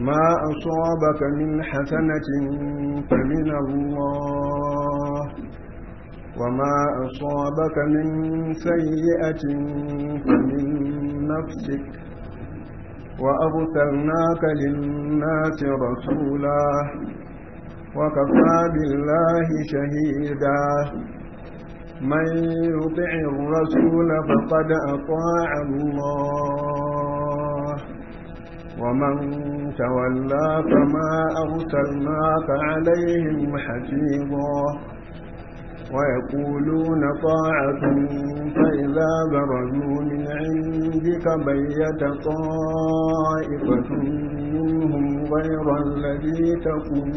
ما أصابك من حسنة فمن الله وما أصابك من سيئة فمن نفسك وأرسلناك للناس رسولا وكفى بالله شهيدا من يطع الرسول فقد أطاع الله ومن تولى فما أرسلناك عليهم حفيظا ويقولون طاعة فإذا برزوا من عندك بيت طائفة منهم غير الذي تقول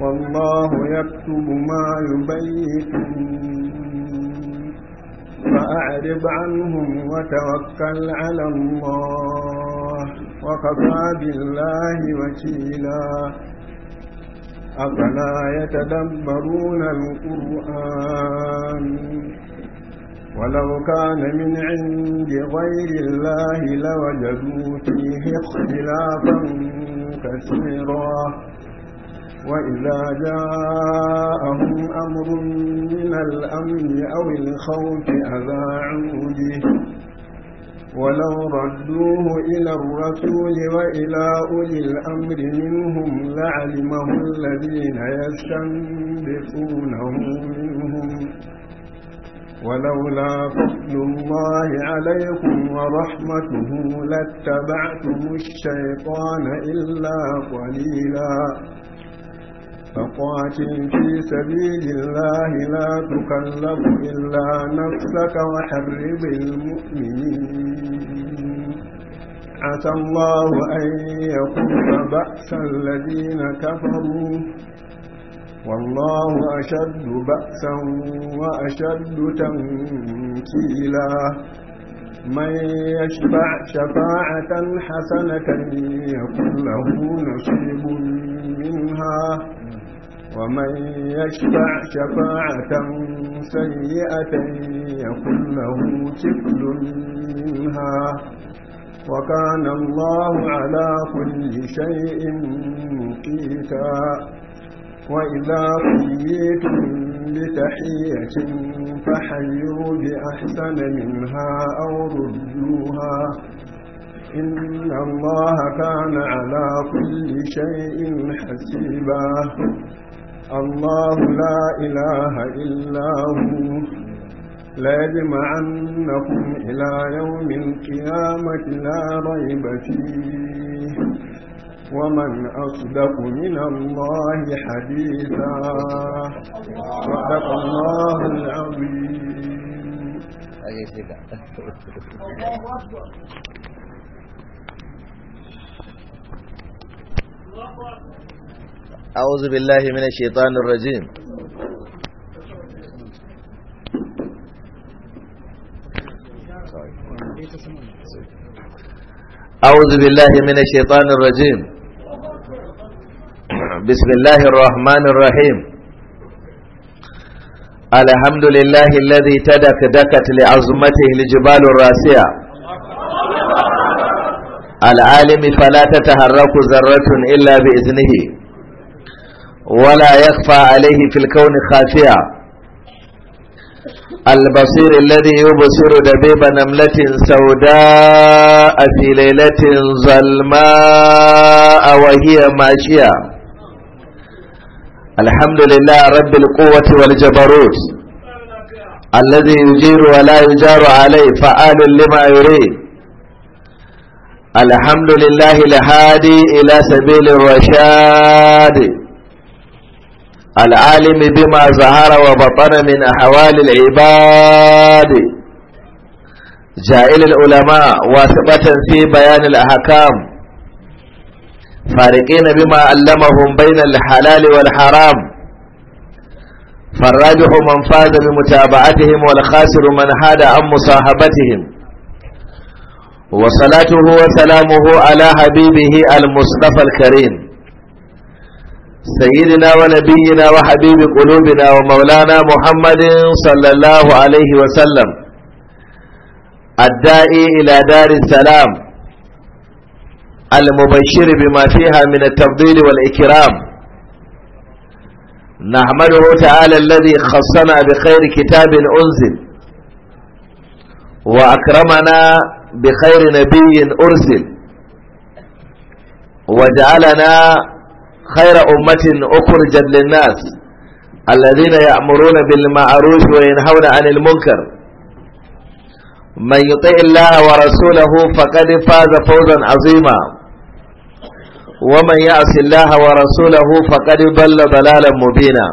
والله يكتب ما يبيتون فأعرض عنهم وتوكل على الله وكفى بالله وكيلا أفلا يتدبرون القرآن ولو كان من عند غير الله لوجدوا فيه اختلافا كثيرا وإذا جاءهم أمر من الأمن أو الخوف أذاعوا به ولو ردوه إلى الرسول وإلى أولي الأمر منهم لعلمه الذين يستنبطونه منهم ولولا فضل الله عليكم ورحمته لاتبعتم الشيطان إلا قليلا فقاتل في سبيل الله لا تكلف إلا نفسك وحرب المؤمنين عسى الله أن يكون بأس الذين كفروا والله أشد بأسا وأشد تنكيلا من يشفع شفاعة حسنة يكن له نصيب منها ومن يشفع شفاعة سيئة يكن له كفل منها وكان الله على كل شيء مقيتا وإذا حييتم بتحية فحيوا بأحسن منها أو ردوها إن الله كان على كل شيء حسيبا الله لا إله إلا هو ليجمعنكم إلى يوم القيامة لا ريب فيه ومن أصدق من الله حديثا صدق الله العظيم أعوذ بالله من الشيطان الرجيم أعوذ بالله من الشيطان الرجيم بسم الله الرحمن الرحيم الحمد لله الذي تدك دكت لعظمته الجبال الراسية العالم فلا تتحرك ذرة إلا بإذنه ولا يخفى عليه في الكون خافية البصير الذي يبصر دبيب نملة سوداء في ليلة ظلماء وهي ماشية الحمد لله رب القوة والجبروت الذي يجير ولا يجار عليه فآل لما يريد الحمد لله الهادي إلى سبيل الرشاد العالم بما ظهر وبطن من أحوال العباد جائل العلماء واثبة في بيان الأحكام فارقين بما علمهم بين الحلال والحرام فالراجح من فاز بمتابعتهم والخاسر من حاد عن مصاحبتهم وصلاته وسلامه على حبيبه المصطفى الكريم سيدنا ونبينا وحبيب قلوبنا ومولانا محمد صلى الله عليه وسلم الدائي إلى دار السلام المبشر بما فيها من التفضيل والإكرام نحمده تعالى الذي خصنا بخير كتاب أنزل وأكرمنا بخير نبي أرسل وجعلنا خير أمة أخرجت للناس الذين يأمرون بالمعروف وينهون عن المنكر من يطيع الله ورسوله فقد فاز فوزا عظيما ومن يعص الله ورسوله فقد ضل ضلالا مبينا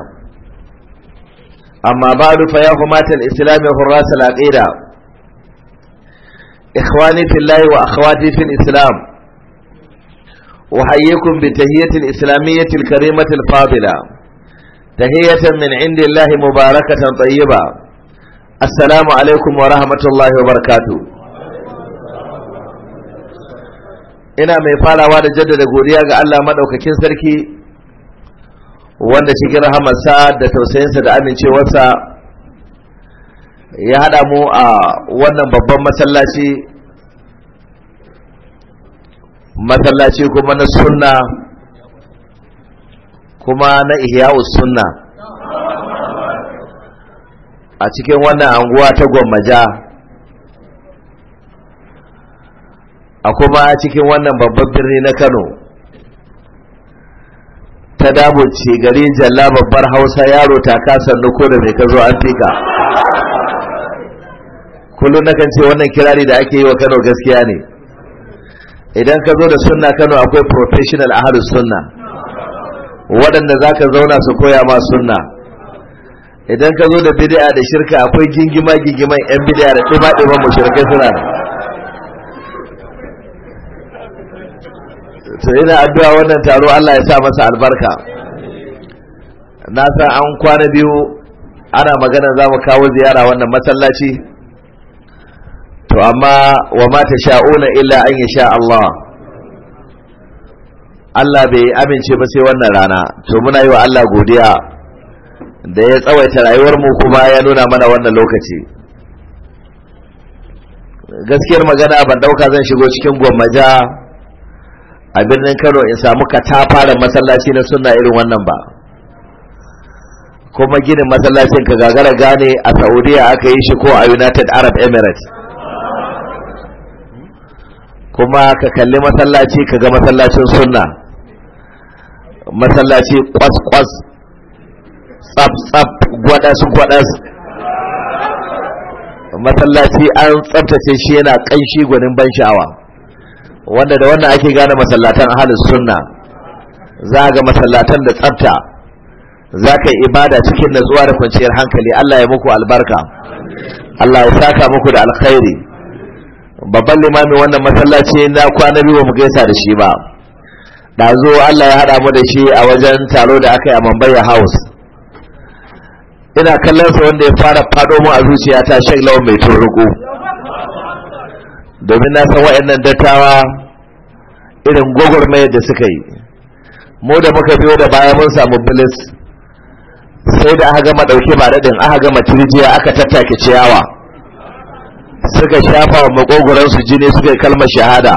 أما بعد فيا همات الإسلام حراس العقيدة إخواني في الله وأخواتي في الإسلام أحييكم بتهية الإسلامية الكريمة الفاضلة تهية من عند الله مباركة طيبة السلام عليكم ورحمة الله وبركاته ina mai farawa da jaddada godiya ga Allah madaukakin sarki wanda cikin rahamarsa da tausayinsa da amincewarsa ya hada mu a wannan babban masallaci masallaci kuma na sunna kuma na ihya'us sunna a cikin wannan anguwa ta gwammaja a kuma cikin wannan babban birni na kano ta damuce garin jalla babbar hausa yaro ta kasar nuko da mai ka an fika kullum na kan ce wannan kirari da ake yi wa kano gaskiya ne idan ka zo da sunna kano akwai professional a harin sunna waɗanda za ka zauna su koya ma sunna idan ka zo da bidi'a da shirka akwai gingima gingiman 'yan bidi'a da ɗima-ɗiman mashirkai suna to ina addu'a wannan taro Allah ya sa masa albarka na san an kwana biyu ana magana za mu kawo ziyara wannan masallaci to amma wa ma ta sha'una illa an ya sha Allah Allah bai amince ba sai wannan rana to muna yi wa Allah godiya da ya tsawaita rayuwar mu kuma ya nuna mana wannan lokaci gaskiyar magana ban ɗauka zan shigo cikin gwammaja a birnin kano in samu da masallaci na sunna irin wannan ba kuma ginin masallacin ka gagara gane a saudiya aka yi shi ko a united arab emirates kuma ka kalli masallaci ka ga masallacin sunna masallaci kwas-kwas tsab-tsab gwadas-gwadas masallaci an tsabtace shi yana kanshi gwanin ban sha'awa wanda da wannan ake gane masallatan halin sunna za ga masallatan da tsafta za ka yi ibada cikin natsuwa da kwanciyar hankali Allah ya muku albarka Allah ya saka muku da alkhairi babban limamin wannan masallaci na kwana biyu mu gaisa da shi ba Da zo Allah ya hada mu da shi a wajen taro da aka yi a Mambaya House ina kallon sa wanda ya fara fado mu a zuciyata Sheikh Lawan mai turuku domin na san waɗannan dattawa irin gwagwarmayar da suka yi mu da muka biyo da baya mun samu bilis sai da aka gama ɗauke ba daɗin aka gama turjiya aka tattake ciyawa suka shafa wa su jini suka yi kalmar shahada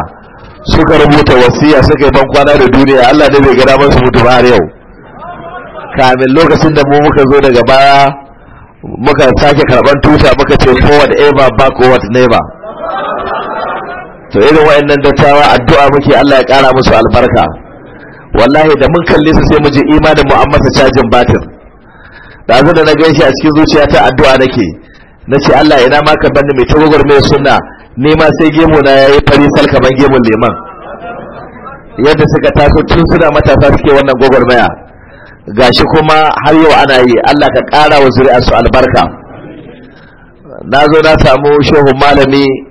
suka rubuta wasiya suka yi bankwana da duniya allah ne bai gada masu mutu ba har yau kamin lokacin da mu muka zo daga baya muka sake karɓar tuta muka ce forward ever backward never to irin wayannan dattawa addu'a muke Allah ya kara musu albarka wallahi da mun kalle su sai mu je imanin mu an masa cajin batir da azu da na gan shi a cikin zuciya ta addu'a nake nace Allah ina ma ka banni mai tagogwar mai sunna ne ma sai gemu na yayi fari sal ban gemun leman yadda suka taso tun suna matasa suke wannan gwagwarmaya gashi kuma har yau ana yi Allah ka kara wa zuri'a su albarka na zo na samu shehu malami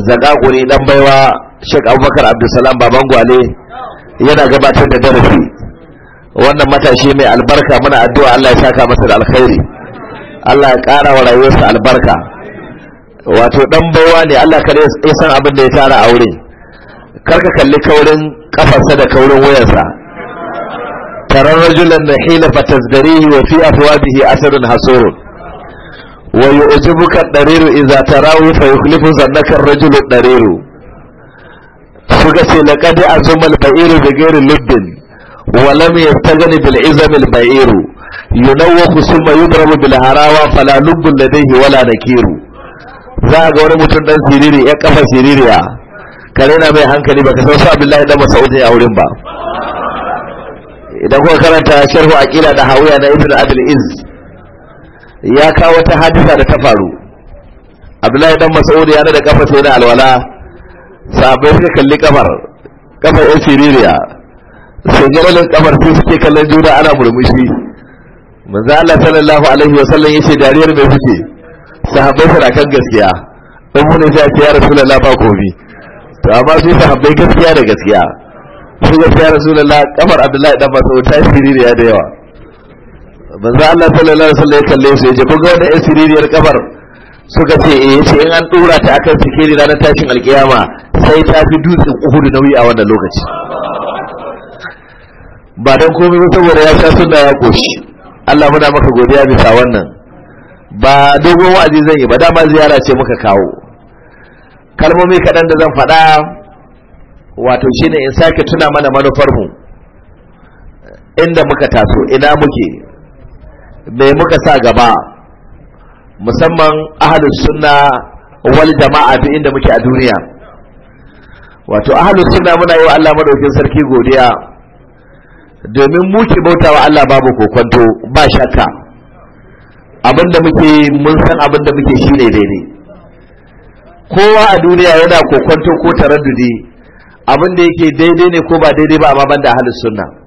zakakuri dan baiwa Sheikh Abubakar Abdulsalam Baban Gwale yana gabatar da darasi wannan matashi mai albarka muna addu'a Allah ya saka masa da alkhairi Allah ya ƙara wa rayuwarsa albarka wato dan baiwa ne Allah kare ya san abin da ya tara aure karka kalli kaurin kafarsa da kaurin wayarsa tararrajulan rajulan da hila fatazdarihi wa fi afwabihi asrun hasurun ويعجبك الدرير إذا تراوي فيخلف ظنك الرجل الدرير سكسي لقد أزم البئير بغير لب ولم يستغن بالعزم البئير ينوخ ثم يضرب بالهراوة فلا لب لديه ولا نكير za ga wani mutum dan siriri ya kafa siririya kare na mai hankali baka san su abdullahi dan masaudi a wurin ba idan kuka karanta sharhu aqila da hawiya na ibn abdul izz ya kawo wata hadisa da ta faru abdullahi dan mas'ud ya da kafa sai da alwala sabai suka kalli kafar kafar o siririya sai galalin kafar sai suke kallon juna ana murmushi manzo Allah sallallahu alaihi wa sallam yace dariyar mai fice sahabbai suna kan gaskiya dan mun sai ya rasulullah ba gobe to amma sai sahabbai gaskiya da gaskiya su ya rasulullah kafar abdullahi dan mas'ud ta siririya da yawa manzo Allah sallallahu alaihi wasallam ya kalle su ya ce buga da asiririyar kabar suka ce eh sai in an dura ta akan sikiri ranar tashin alkiyama sai ta fi dutsen Uhud nauyi a wannan lokaci ba dan komai ba saboda ya sha sunna ya koshi Allah muna maka godiya bisa wannan ba dogon wa'azi zan yi ba dama ziyara ce muka kawo kalmomi kaɗan da zan faɗa wato shine in sake tuna mana manufar mu inda muka taso ina muke mai muka sa gaba musamman ahalus sunna wal jama'a duk inda muke a duniya wato ahalus sunna muna yi wa Allah madaukin sarki godiya domin muke bautawa bauta wa Allah babu kokonto ba shakka abinda muke mun san abinda muke shine daidai kowa a duniya yana kokonto ko taraddudi abinda yake daidai ne ko ba daidai ba amma banda ahalus sunna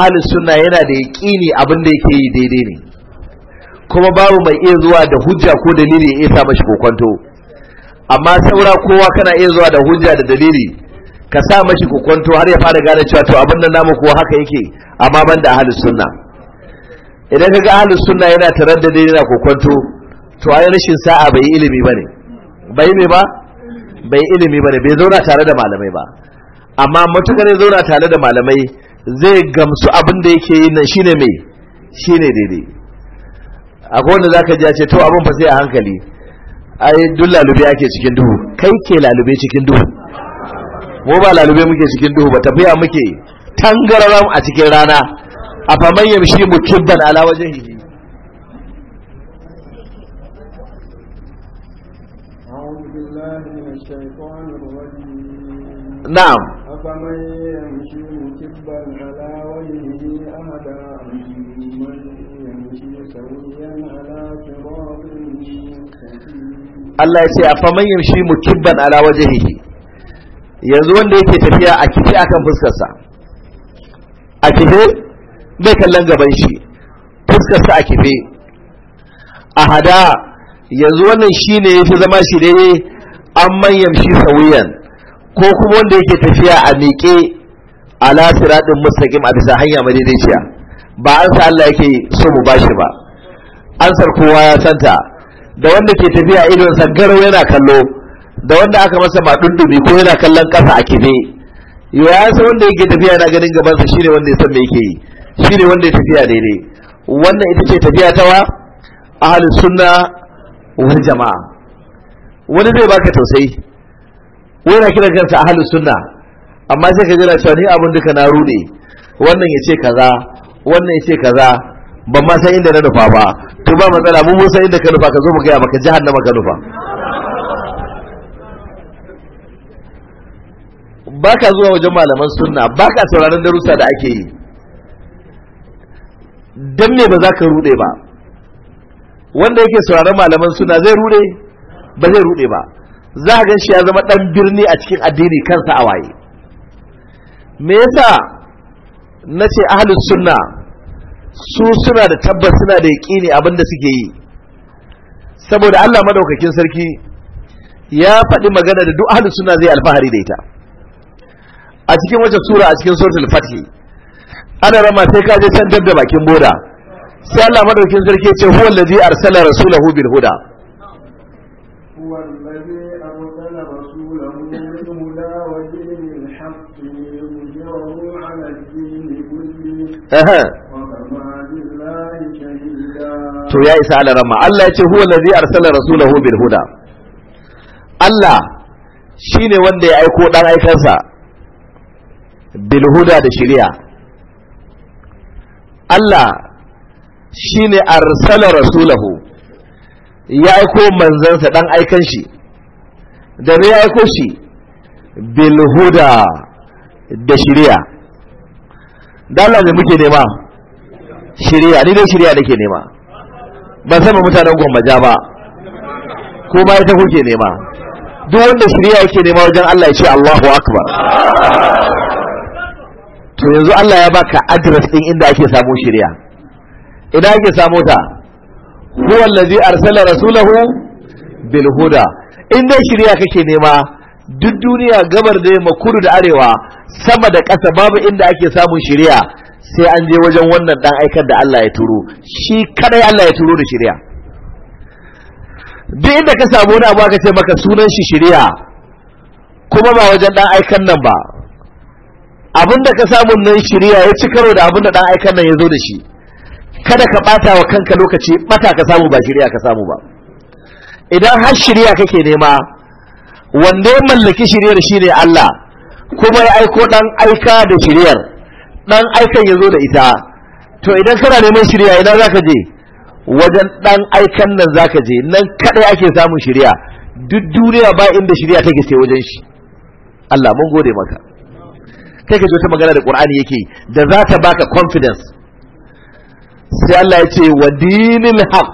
ahli sunna yana da yaqini abin da yake yi daidai ne kuma babu mai iya zuwa da hujja ko dalili ya sa mashi kokonto amma saura kowa kana iya zuwa da hujja da dalili ka sa mashi kokonto har ya fara gane cewa to abin nan namu ko haka yake amma ban da ahli sunna idan kaga ahli sunna yana dalili yana kokonto to ai rashin sa'a bai ilimi bane bai ne ba bai ilimi bane bai zauna tare da malamai ba amma matukar ya zauna tare da malamai zai gamsu abin da yake yi nan shine mai shine daidai akwai wanda za ka ce to abin fa sai a hankali ai duk lalube ake cikin duhu kai ke lalube cikin duhu mu ba lalube muke cikin duhu ba tafiya muke tangararam a cikin rana a faman yamshi kibban ala wajhihi نعم Na'am. Allah ya ce a faman yamshi mukibban ala wajhihi yanzu wanda yake tafiya a kife akan fuskarsa a kife bai kallon gaban shi fuskarsa a kife a hada yanzu wannan shine yafi zama shi dai an manyan yamshi sawiyan ko kuma wanda yake tafiya a miƙe ala siratin mustaqim a bisa hanya daidaiciya ba an sa Allah yake so mu bashi ba ansar kowa ya santa da wanda ke tafiya idon sa garau yana kallo da wanda aka masa madundumi ko yana kallon kasa a kife yo ya san wanda yake tafiya na ganin gaban sa shine wanda ya san me yake yi shine wanda ya tafiya daidai wannan ita ce tafiya ta wa ahlus sunna wal jamaa wani zai baka tausayi Wai na kiran kansa ahlus sunna amma sai ka jira cewa ni abun duka na rude wannan ya ce kaza wannan ya ce kaza ban ma san inda na nufa ba to ba matsala mu mun san inda ka nufa ka zo mu gaya maka jahannama ka nufa ba ka zuwa wajen malaman sunna ba ka sauraron darussa da ake yi dan me ba za ka rude ba wanda yake sauraron malaman sunna zai rude ba zai rude ba za ka shi ya zama dan birni a cikin addini kansa a waye me yasa nace ahlus sunna su suna da tabbas suna da yaƙini abin da suke yi saboda Allah madaukakin sarki ya faɗi magana da duk ahlus sunna zai alfahari da ita a cikin wata sura a cikin suratul fatih ana rama sai ka je san da bakin boda sai Allah madaukakin sarki ya ce huwa allazi arsala rasulahu bil huda huwa allazi arsala rasulahu bil huda wa to ya isa ala rama Allah ya ce huwa allazi arsala rasulahu bil huda Allah shine wanda ya aiko dan aikansa bil huda da shari'a Allah shine arsala rasulahu ya aiko manzansa dan aikan shi da ne ya aiko shi bil huda da shari'a Dan Allah ne muke nema shari'a ni da shari'a nake nema ban sama mutanen gwammaja ba ko ba ita kuke nema duk wanda shirya yake nema wajen Allah ya ce Allahu akbar to yanzu Allah ya baka address din inda ake samu shirya idan ake samu ta huwa allazi arsala rasulahu bil huda in dai shirya kake nema duk duniya gabar da makudu da arewa sama da ƙasa babu inda ake samun shirya sai an je wajen wannan dan aikar da Allah ya turo shi kadai Allah ya turo da shari'a duk inda ka samu wani abu aka ce maka sunan shi shari'a kuma ba wajen dan aikan nan ba abin da ka samu nan shari'a ya ci karo da abin da dan aikan nan ya zo da shi kada ka bata wa kanka lokaci bata ka samu ba shari'a ka samu ba idan har shari'a kake nema wanda ya mallaki shari'ar shine Allah kuma ya aiko dan aika da shari'ar dan aikan ya zo da ita to idan kana neman shirya idan zaka je wajen dan aikan nan zaka je nan kadai ake samun shirya duk duniya ba inda shirya take sai wajen shi Allah mun gode maka kai ka ji wata magana da Qur'ani yake da za ta baka confidence sai Allah ya ce wa dinil haq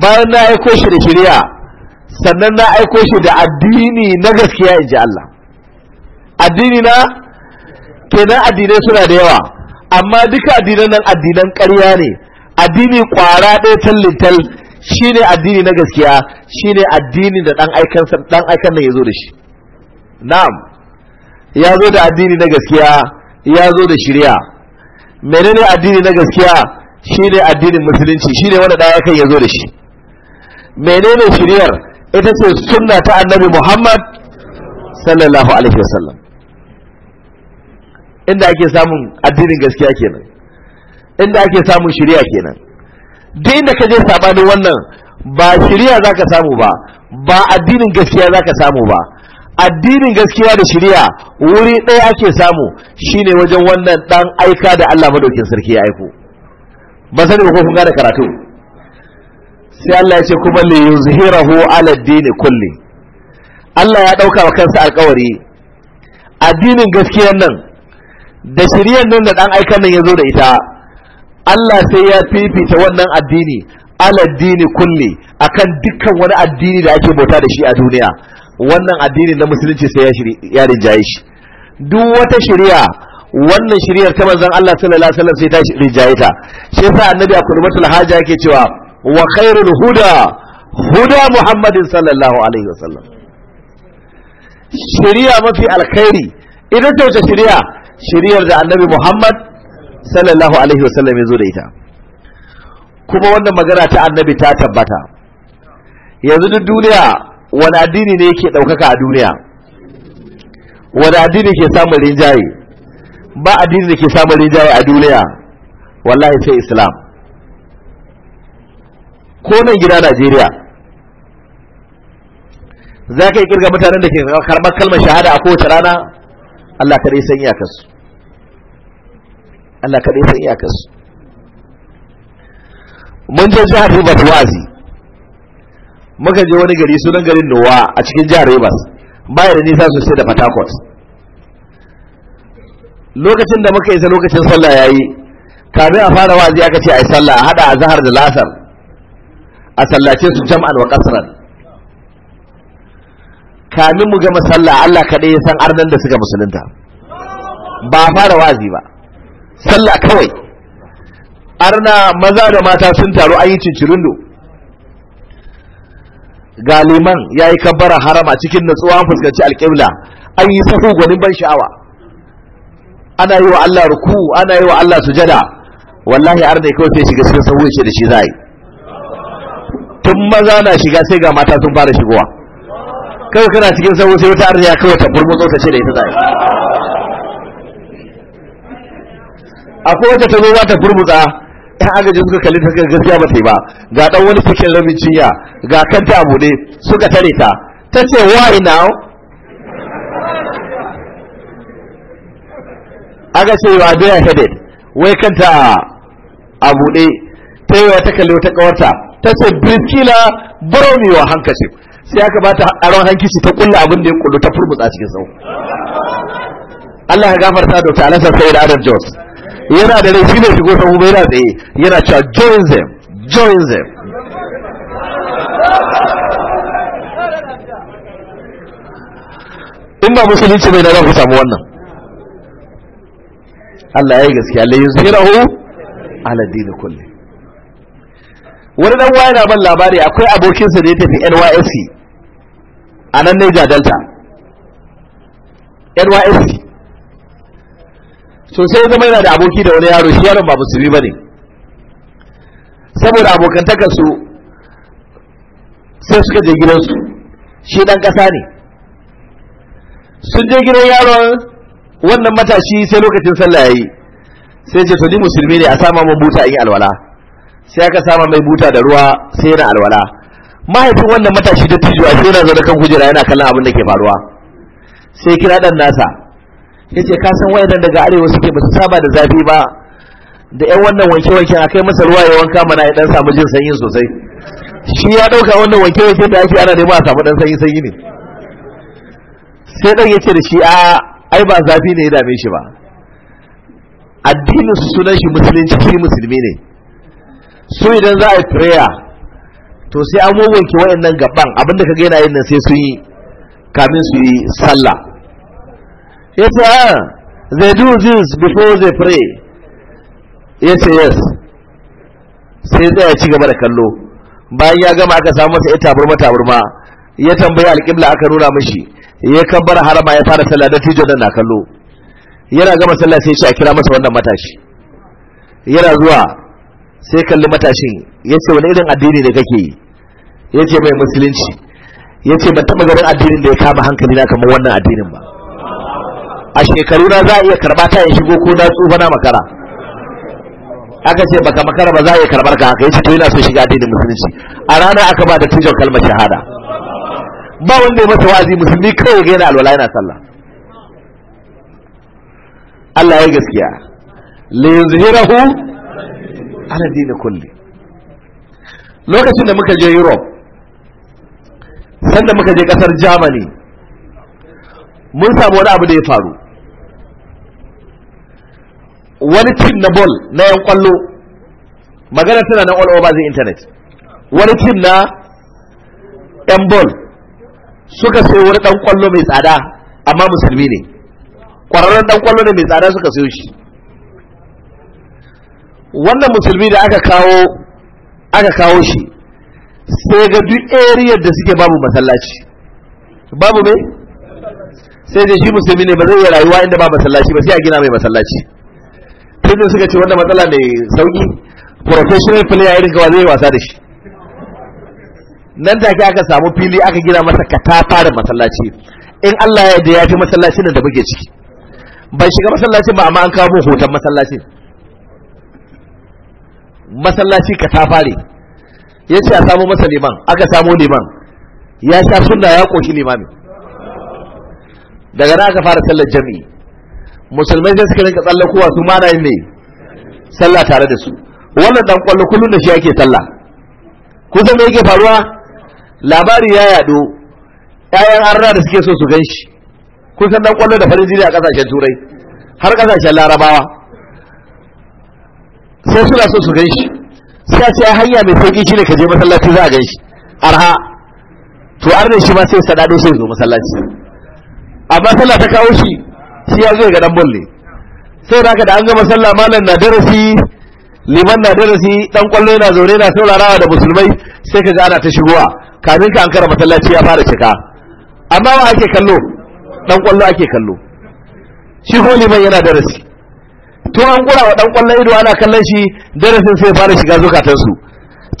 bayan na aiko shi da shirya sannan na aiko shi da addini na gaskiya in ji Allah addini na kenan addinai suna da yawa amma duka addinan nan addinan ƙarya ne addini ƙwara ɗaya tallintal ne addini na gaskiya shi ne addini da ɗan aikan ɗan aikan nan ya zo da shi na'am ya zo da addini na gaskiya ya zo da shirya menene addini na gaskiya Shi ne addinin musulunci shi ne wanda ɗaya aikan ya zo da shi menene shiryar ita ce sunna ta annabi muhammad sallallahu alaihi wasallam inda ake samun addinin gaskiya kenan inda ake samun shari'a kenan duk inda ka je sabanin wannan ba shari'a zaka samu ba ba addinin gaskiya zaka samu ba addinin gaskiya da shari'a wuri ɗaya ake samu shine wajen wannan ɗan aika da Allah madaukin sarki ya aiko ba sani ba ko kun gane karatu sai Allah ya ce kuma li yuzhirahu ala dini kulli Allah ya dauka wa kansa alƙawari addinin gaskiyar nan da shiriyar nan da dan aikan nan ya zo da ita Allah sai ya fifita wannan addini aladdini kulli akan dukkan wani addini da ake bauta da shi a duniya wannan addini na musulunci sai ya shiri ya rinjaye shi duk wata shiriya wannan shiriyar ta manzon Allah sallallahu alaihi wasallam sai ta rinjaye ta shi yasa annabi a kurbatul haja yake cewa wa khairul huda huda muhammadin sallallahu alaihi wasallam shari'a mafi alkhairi idan ta wuce shiriya shiriyar da annabi Muhammad sallallahu alaihi wasallam ya zo da ita kuma wannan magana ta annabi ta tabbata yanzu duk duniya wani addini ne yake ɗaukaka a duniya wani addini ke samun rinjaye ba addini da ke samun rinjaye a duniya wallahi sai islam ko nan gida najeriya za ka yi kirga mutanen da ke karɓar kalmar shahada a kowace rana Allah kaɗai san iyakarsu Allah san iyakarsu mun je jihar Rivers wazi muka je wani gari sunan garin Nowa a cikin jihar Rivers baya da nisa sosai da Fatakot lokacin da muka isa lokacin sallah yayi kafin a fara wazi aka ce ai sallah hada azhar da lasar a sallace su jam'an wa kasran kamin mu gama sallah Allah kaɗai ya san arnan da suka musulunta ba fara wazi ba sallah kawai arna maza da mata sun taru an yi cincirindo ga liman ya yi kabbara harama cikin natsuwa fuskanci alƙibla an yi sahu gwanin ban sha'awa ana yi wa Allah ruku ana yi wa Allah sujada wallahi arna kawai sai shiga cikin sahu ya ce da shi za yi tun maza na shiga sai ga mata sun fara shigowa kawai kana cikin sahu sai wata arziya kawai ta burmutso ta ce da ita zai akwai wata ta zo za ta burmutsa yan agajin suka kalli ta suka gaskiya ba ta yi ba ga dan wani cikin ramin cinya ga kanta a buɗe suka tare ta ta ce why now aga ce wa doya headed wai kanta a buɗe ta yi wa ta kalli wata kawarta ta ce birkila baro mi wa hankali sai aka ba ta aron hankici ta ƙulla abin da ya kullu ta furmutsa cikin sau Allah ya gafarta da ta alasar sai da Adam Jones yana da rai shine shigo sahu bai da tsaye yana cewa join them join them in ba musulunci bai da za ku samu wannan Allah ya yi gaskiya la yuzhirahu ala dini kulli wani dan waya na ban labari akwai abokinsa da ya tafi NYSC a nan Niger Delta NYSC to sai zama yana da aboki da wani yaro shi yaron ba musulmi ba ne saboda abokantakar su sai suka je gidansu shi dan ƙasa ne sun je gidan yaron wannan matashi sai lokacin sallah yayi sai ce to ni musulmi ne a sama mun buta in alwala sai aka sama mai buta da ruwa sai yana alwala mahaifin wannan matashi da tijo a shona zaune kan kujera yana kallon abin da ke faruwa sai kira dan nasa ya ce kasan wayannan daga arewa suke ba su saba da zafi ba da yan wannan wanke wanke a kai masa ruwa ya wanka mana ya dan samu jin sanyi sosai shi ya ɗauka wannan wanke wanke da ake ana nema a samu dan sanyi sanyi ne sai dan ya ce da shi a ai ba zafi ne ya dame shi ba addinin su sunan shi musulunci shi musulmi ne su idan za a yi prayer to sai an wawanke wayannan gaban abinda kaga yana yin nan sai sun yi kamin su yi sallah yes ah they do this before they pray yes yes sai zai ci gaba da kallo bayan ya gama aka samu masa taburma taburma ya tambayi alƙibla aka nuna mishi ya kabbar harama ya fara sallah da tijo na kallo yana gama sallah sai ya ce a kira masa wannan matashi yana zuwa sai kalli matashin ya ce wani irin addini da kake yi ya ce mai musulunci ya ce ban taɓa ganin addinin da ya kama hankali na kamar wannan addinin ba a shekaru na za a iya karɓa ta ya shigo ko na tsufa na makara aka ce baka makara ba za a iya karɓar ka haka ya ce to yana so shiga addinin musulunci a ranar aka ba da tijon kalmar shahada ba wanda ya masa wazi musulmi kawai ga yana alwala yana sallah Allah ya gaskiya li yuzhirahu ala dini kulli lokacin da muka je europe sanda muka je kasar germany mun samu wani abu da ya faru wani team na ball na yan kwallo magana tana nan all over the internet wani team na yan ball suka sayo wani dan kwallo mai tsada amma musulmi ne kwararren dan kwallo ne mai tsada suka sayo shi wannan musulmi da aka kawo aka kawo shi sai ga duk area da suke babu masallaci babu me sai da shi musulmi ne ba zai iya rayuwa inda ba masallaci ba sai a gina mai masallaci sai da suka ce wannan matsala ne sauki professional player irin kawai zai wasa da shi nan ke aka samu fili aka gina masa katafa masallaci in Allah ya yarda ya fi masallacin da muke ciki ban shiga masallacin ba amma an kawo hoton masallacin masallaci ka ta ya ce a samo masa liman aka samo liman ya sha suna ya koshi limami daga na aka fara sallar jami'i musulmai sai suka rinka tsallakowa su ma na yin ne sallah tare da su wannan dan kwallo kullum da shi ake sallah kun san me yake faruwa labari ya yado ƴaƴan arna da suke so su gan shi kusan san dan da farin jini a ƙasashen turai har ƙasashen larabawa sai suna so su gan shi sai sai hanya mai sauki shine ka je masallaci za a gan shi arha to arne shi ma sai dado sai zo masallaci amma sallah ta kawo shi shi ya zo ga dan bolle sai da da an gama sallah malam na darasi liman na darasi dan kwallo yana zaune yana saurarawa da musulmai sai kaga ana ta shigowa kafin ka an kara masallaci ya fara cika amma wa ake kallo dan kwallo ake kallo shi ko liman yana darasi tun an kura wa dan kwallon ido ana kallon shi darasin sai fara shiga zukatansu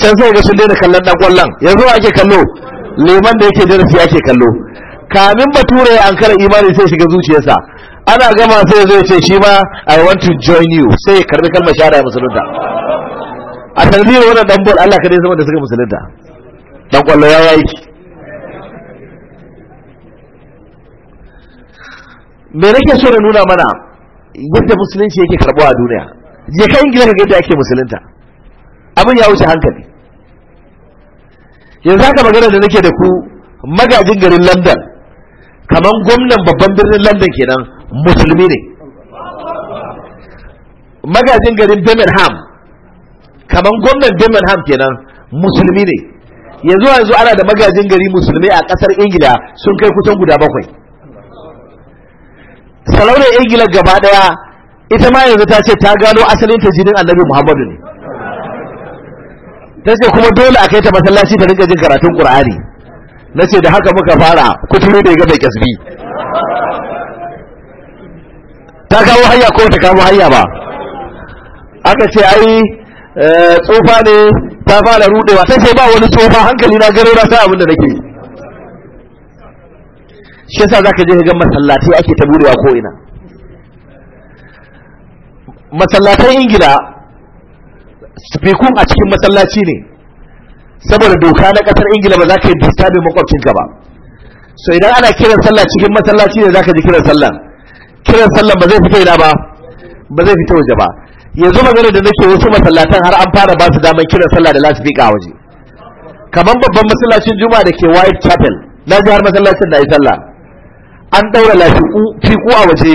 can sai ga sun daina kallon dan kwallon yanzu ake kallo liman da yake darasi ake kallo kamin bature ya ankara imani sai shiga zuciyarsa ana gama sai ya ce shi ma i want to join you sai ya karbi kalmar shahada ya musulunta a tarbiyyar wannan dan bol Allah ya zama da suka musulunta dan kwallo ya yayi me nake so da nuna mana yadda musulunci yake karɓo a duniya je ka ingila ka yadda ake musulunta abin ya wuce hankali yanzu haka magana da nake da ku magajin garin london kamar gwamnan babban birnin london kenan musulmi ne magajin garin birmingham kamar gwamnan birmingham kenan musulmi ne yanzu yanzu ana da magajin gari musulmi a kasar ingila sun kai kusan guda bakwai salauna ingila gaba daya ita ma yanzu ta ce ta gano asalin ta jinin annabi muhammadu ne ta ce kuma dole a kai ta masallaci ta rinka jin karatun Kur'ani. na ce da haka muka fara kuturu da ya gaba kasbi ta kawo hanya ko ta kawo hanya ba aka ce ai eh, tsufa ne ta fara rudewa sai sai ba wani tsufa hankali na garo na sai abin da nake yi shi yasa zaka je ka ga masallatai ake ta burewa ko ina masallatan ingila spikun a cikin masallaci ne saboda doka na kasar ingila ba za ka yi distabi makwabcinka ba so idan ana kiran sallah cikin masallaci ne za ka ji kiran sallah kiran sallah ba zai fita ina ba ba zai fita waje ba yanzu magana da nake wasu masallatan har an fara ba su daman kiran sallah da lasifika a waje kamar babban masallacin juma'a da ke white chapel na ji har masallacin da yi sallah an daura lafiku a waje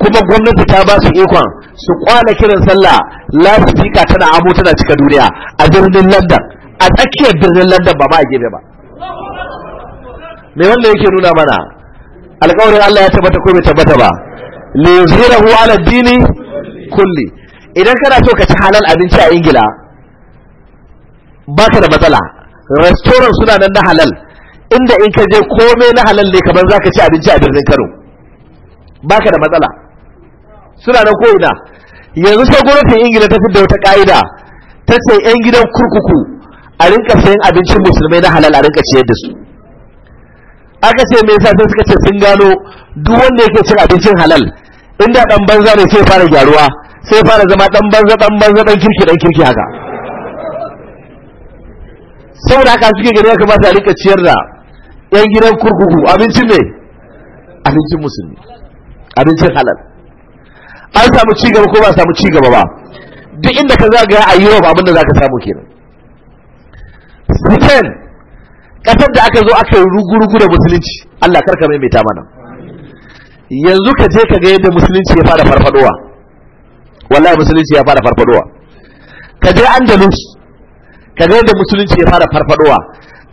kuma gwamnati ta ba su ikon su kwana kiran sallah lafika tana amo tana cika duniya a birnin london a tsakiyar birnin london ba ma a gefe ba mai wanda yake nuna mana alkawarin allah ya tabbata ko bai tabbata ba zira yuzhirahu ala dini kulli idan kana so ka ci halal abinci a ingila ba ka da matsala restaurant suna nan na halal inda in ka je komai na halal ne kamar ka ci abinci a birnin Kano baka da matsala suna nan ko ina yanzu sai gwamnatin Ingila ta da wata ka'ida ta ce yan gidan kurkuku a rinka sayan abincin musulmai na halal a rinka ciyar da su aka ce me yasa sai suka ce sun gano duk wanda yake cin abincin halal inda dan banza ne sai fara gyaruwa sai fara zama dan banza dan banza dan kirki dan kirki haka saboda haka suke gani ya kamata a rika ciyar da yan gidan kurkuku abincin ne abincin musulmi abincin halal an samu cigaba ko ba samu cigaba ba duk inda ka zagaya a europe abin abinda za ka samu kenan spain kasar da aka zo aka yi rugurugu da musulunci allah karka maimaita mana yanzu ka je ka ga yadda musulunci ya fara farfadowa wallahi musulunci ya fara farfadowa ka je andalus ka ga yadda musulunci ya fara farfadowa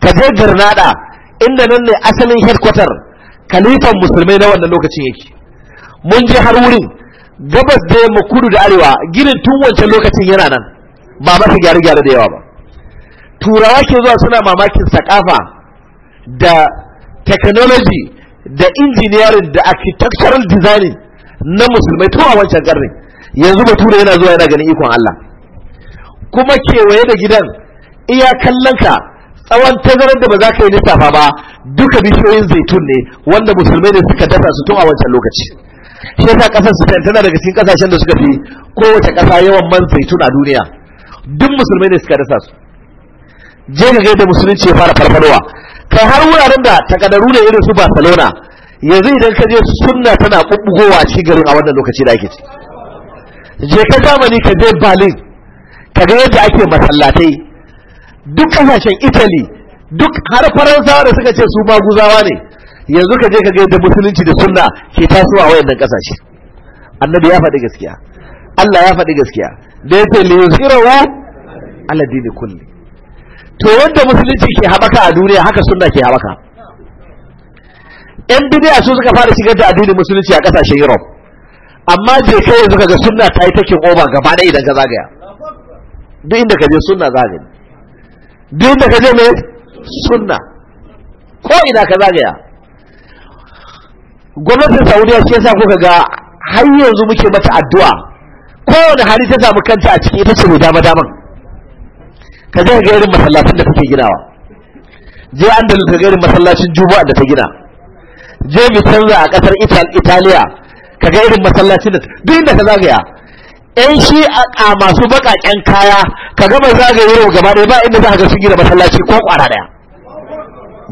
ka je garnada inda nan ne asalin headquarter kalifan musulmai na wannan lokacin yake mun je har wurin gabas da yamma kudu da arewa ginin tun wancan lokacin yana nan ba mafi gyare-gyare da yawa ba turawa ke zuwa suna mamakin sakafa da technology da engineering da architectural designing na musulmai tun a wancan karni yanzu bature yana zuwa yana ganin ikon Allah kuma kewaye da gidan iya kallon ka tsawon tazarar da ba za ka yi lissafa ba duka bishiyoyin zaitun ne wanda musulmai ne suka dasa su tun a wancan lokaci shi yasa kasar su tana daga cikin kasashen da suka fi kowace kasa yawan man zaitun a duniya duk musulmai ne suka dasa su je ka yadda musulunci ya fara farfarwa. kai har wuraren da takadaru ne irin su Barcelona yanzu idan ka je sunna tana kubugowa ci garin a wannan lokaci da ake ci je ka zamani ka je Berlin ka ga yadda ake masallatai duk kasashen italy duk har faransawa da suka ce su guzawa ne yanzu ka je ka ga yadda musulunci da sunna ke tasowa a wayannan kasashe annabi ya faɗi gaskiya Allah ya faɗi gaskiya da yace li yuzhirahu ala dini kulli to yadda musulunci ke habaka a duniya haka sunna ke habaka yan bid'a su suka fara shigar da addinin musulunci a kasashen Europe amma je kai yanzu kaga sunna ta yi takin over gaba da idan ka zagaya duk inda ka je sunna zagaya duk da ka je mai sunna ko ina ka zagaya gwamnatin saudiya shi yasa kuka ga har yanzu muke mata addu'a kowane hali ta samu kanta a ciki ita ce mai dama daman ka je ga irin masallacin da take ginawa je an da ga irin masallacin juma'a da ta gina je mu canza a kasar italiya ka ga irin masallacin da duk inda ka zagaya yan shi a masu baƙaƙen kaya ka gama zagaye yau gaba ɗaya ba inda za ka sun gina masallaci ko ƙwara ɗaya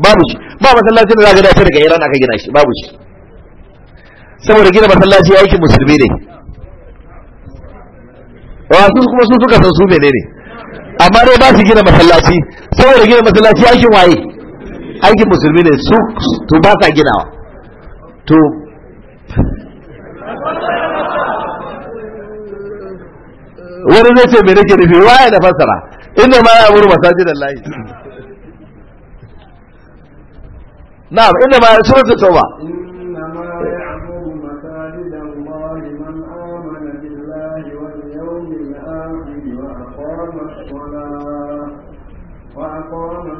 babu shi ba masallaci da za ka daga iran aka gina shi babu shi saboda gina masallaci aikin musulmi ne wasu kuma su suka san su ne amma dai ba su gina masallaci saboda gina masallaci aikin waye aikin musulmi ne su to ba sa ginawa to wani zai ce me nake nufi waye da fasara inda ma ya muru masajidallahi na'am inda ma suratul tauba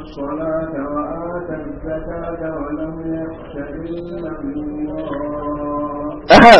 الصلاة وآتى الزكاة ولم يخش إلا الله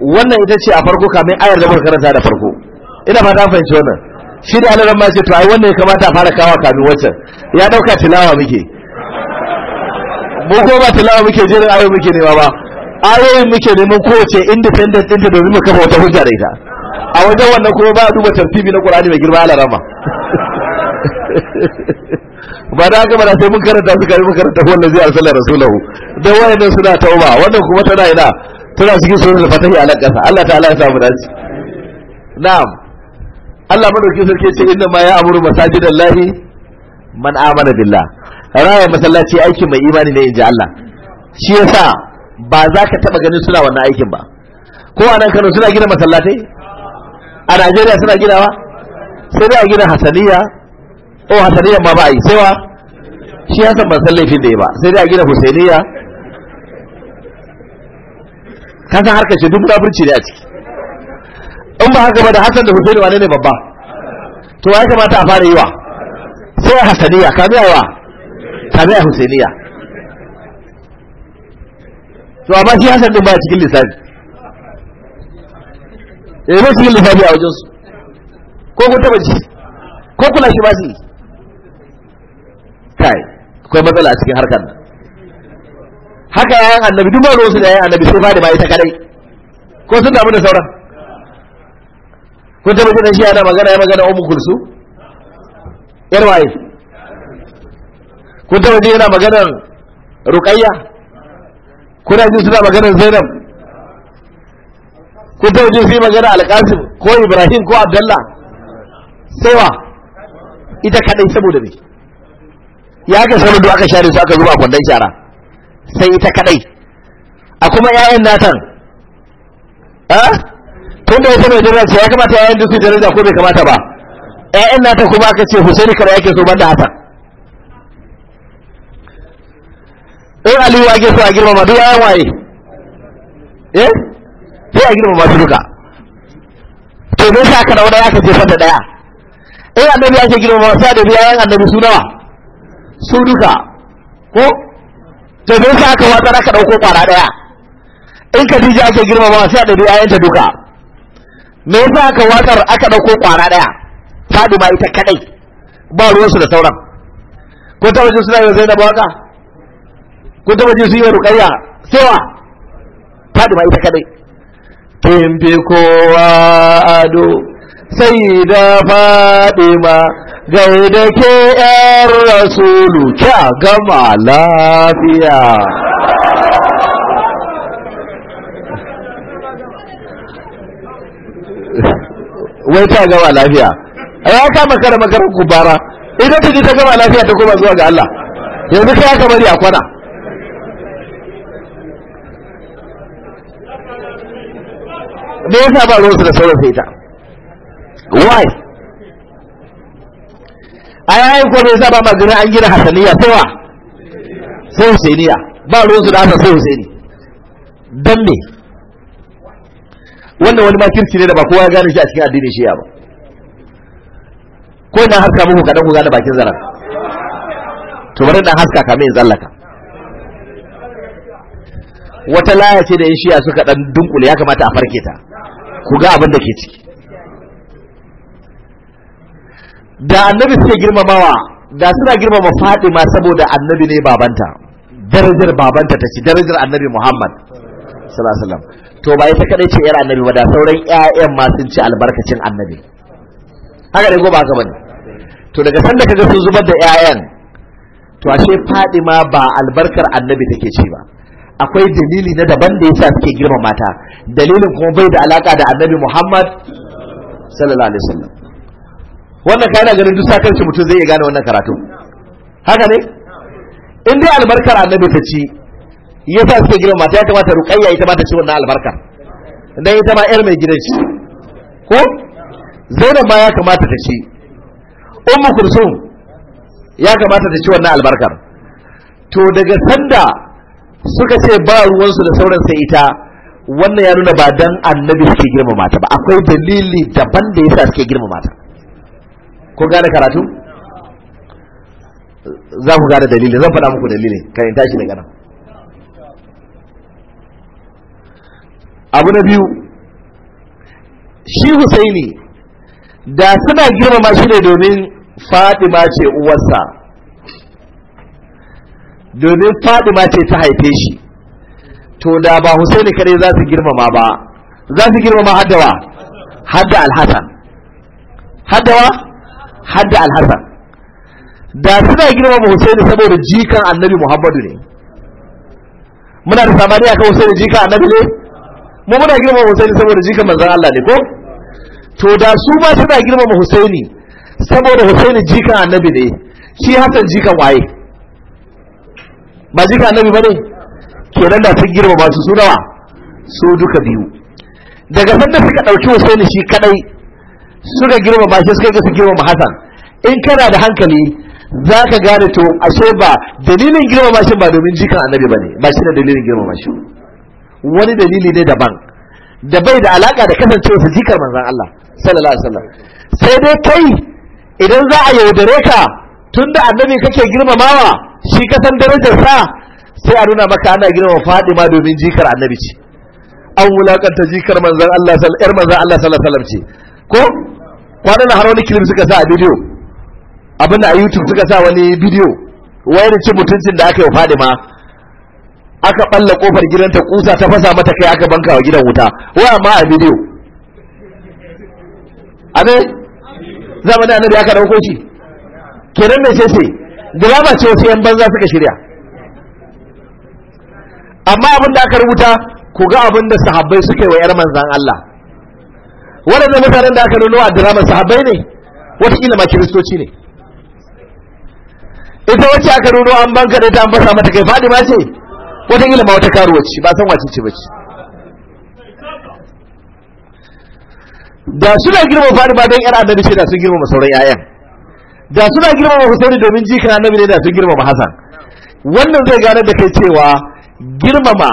wannan ita ce a farko kamin ayar da muka karanta da farko ina ba ta fahimci wannan shi da alaran ma ce to ai wannan ya kamata a fara kawa kamin wancan. ya dauka tilawa muke Mu ko ba tilawa muke jirin ayoyi muke nema ba ayoyin muke mun kowace independent da domin mu kafa wata hujja da ita a wajen wannan kuma ba a duba tartibi na Qur'ani mai girma alarama ba da haka ba da sai mun karanta su kare mun karanta wannan zai arsala rasulahu Da wayannan suna tauba wannan kuma tana ina tana cikin suratul fatahi a nan ƙasa. Allah ta'ala ya samu dace na'am Allah madaukin sarki ya ce inna ma ya amuru masajidallahi man amana billah raya masallaci aiki mai imani ne inji Allah shi yasa ba za ka taba ganin suna wannan aikin ba ko a nan Kano suna gina masallatai a Najeriya suna gina wa? sai dai a gina Hasaniya o oh, Hasaniya ma ba a yi sai wa shi yasa ban san laifin da ya ba sai dai a gina Husainiya ka san harkar shi duk kafirci ne a ciki in ba haka ba da Hassan da Hussein wane ne babba to ya kamata a fara yi wa sai a Hassaniya kamiya wa kamiya Husainiya to amma shi Hassan din ba cikin lissafi eh ba cikin lissafi a wajen su ko kun taba ji ko kula shi ba su yi kai akwai matsala a cikin harkar nan haka yayan annabi duk maro su da yayan annabi sai fadi ba ita kadai ko sun damu da sauran ko ta mutum shi yana magana ya magana ummu kulsu yar waye ko ta mutum yana magana ruqayya kuna jin suna magana zainab ko ta mutum sai magana alqasim ko ibrahim ko abdullah sai wa ita kadai saboda me ya ga sanar da aka share su aka zuba kwandon shara sai ita kadai a kuma ƴaƴan natan ah tun da ya mai daraja ya kamata ƴaƴan duk su daraja ko bai kamata ba ƴaƴan nata kuma aka ce Husaini kada yake so banda Hassan in wa ke so a girmama duk ƴaƴan waye eh sai a girmama su duka to me sa aka dawo da aka ce da daya in annabi ake girmama sai da biyayen annabi su nawa su duka ko to me yasa aka wata aka dauko kwara daya in Khadija ake girmamawa sai a dabi ayanta duka me yasa aka watsar aka dauko kwara daya Fadima ita kadai ba su da sauran ko ta wajen suna yi Zainab waka ko ta wajen su yi Ruqayya sewa Fadima ita kadai kin bi kowa ado sai Fadima gai da ke ‘yan rasulu kya gama lafiya. Wai ta gama lafiya, a ya kama kare makarar gubara, idan ta ji ta gama lafiya ta koma zuwa ga Allah, yanzu ka ya kamar ya kwana. Me yasa ba ruwansu da sauran sai ta? Why? a yayin ko ne saba ma gina an gina hasaniya sai wa sai husainiya ba ruwan su da aka sai husaini dan me wannan wani makirci ne da ba kowa ya gane shi a cikin addinin shiya ba ko na haska muku kaɗan ku gane bakin zarar to bari dan haska kame in zallaka wata laya ce da yin shiya suka dan dunkule ya kamata a farke ta ku ga abin da ke ciki da annabi suke girmamawa da suna girmama Fatima saboda annabi ne babanta darajar babanta ta ci darajar annabi Muhammad sallallahu to ba ita kadai ce yar annabi ba da sauran ƴaƴan ma sun ci albarkacin annabi haka ne ko ba haka bane to daga sanda kaga sun zubar da ƴaƴan to ashe Fatima ba albarkar annabi take ce ba akwai dalili na daban da yasa suke girmama mata dalilin kuma bai da alaka da annabi Muhammad sallallahu alaihi wasallam wannan kana ganin duk sakar shi mutum zai iya gane wannan karatu haka ne in dai albarkar annabi ta ci ya sa suke girma mata ya kamata ruqayya ita ma ta ci wannan albarkar dan ita ma yar mai gidan shi ko zainab ma ya kamata ta ci ummu kursum ya kamata ta ci wannan albarkar to daga sanda suka ce ba ruwansu da sauran sai ita wannan ya nuna ba dan annabi suke girma mata ba akwai dalili daban da yasa suke girma mata. ko gane karatu za ku gane dalilin zan faɗa muku dalilin kan tashi daga gana abu na biyu shi husaini da suna girmama shi ne domin fatima ce uwarsa domin fatima ce ta haife shi to da ba husaini kare za su girmama ba za su girmama haddawa hadda alhassan haddawa Hadda da alhassan da suna girmama husaini saboda jikan annabi muhammadu ne muna da samari akan husaini jikan annabi ne mu muna girmama husaini saboda jikan manzan allah ne ko to da su ba suna girmama husaini saboda husaini jikan annabi ne shi hassan jikan waye ba jikan annabi ba ne kenan da sun ba su su nawa su duka biyu daga sanda suka ɗauki husaini shi kadai suka ba shi suka ga su girmama Hassan in kana da hankali za ka gane to ashe ba dalilin girma shi ba domin jikan annabi ba ne ba shi da dalilin girma shi wani dalili ne daban da bai da alaka da kasancewa su jikar manzan Allah sallallahu alaihi wasallam sai dai kai idan za a yaudare ka tun da annabi kake girmamawa shi kasan darajar sa sai a nuna maka ana girmama ma domin jikar annabi ce an wulakanta jikar manzan Allah sallallahu alaihi wasallam ce ko kwanan har wani kilim suka sa a bidiyo abin a youtube suka sa wani bidiyo wayar cin mutuncin da aka yi fadima aka balla kofar ta kusa ta fasa mata kai aka banka wa gidan wuta waya ma a bidiyo abe zamanin annabi aka dauko shi kenan me ce sai drama ce wasu yan banza suka shirya amma abin da aka rubuta ku ga abin da sahabbai yi wa 'yar manzan Allah waɗannan mutanen da aka nuna a diramar sahabbai ne wataƙila ma kiristoci ne ita wacce aka nuna an banka da ta an basa mata kai faɗi ma ce wataƙila ma wata karuwa ce ba san wace ce ba ce da suna girma faɗi ba don 'yar annabi ce da sun girma sauran 'ya'yan da suna girma ma husaini domin jikin annabi ne da sun girma ma hasan wannan zai gane da kai cewa girmama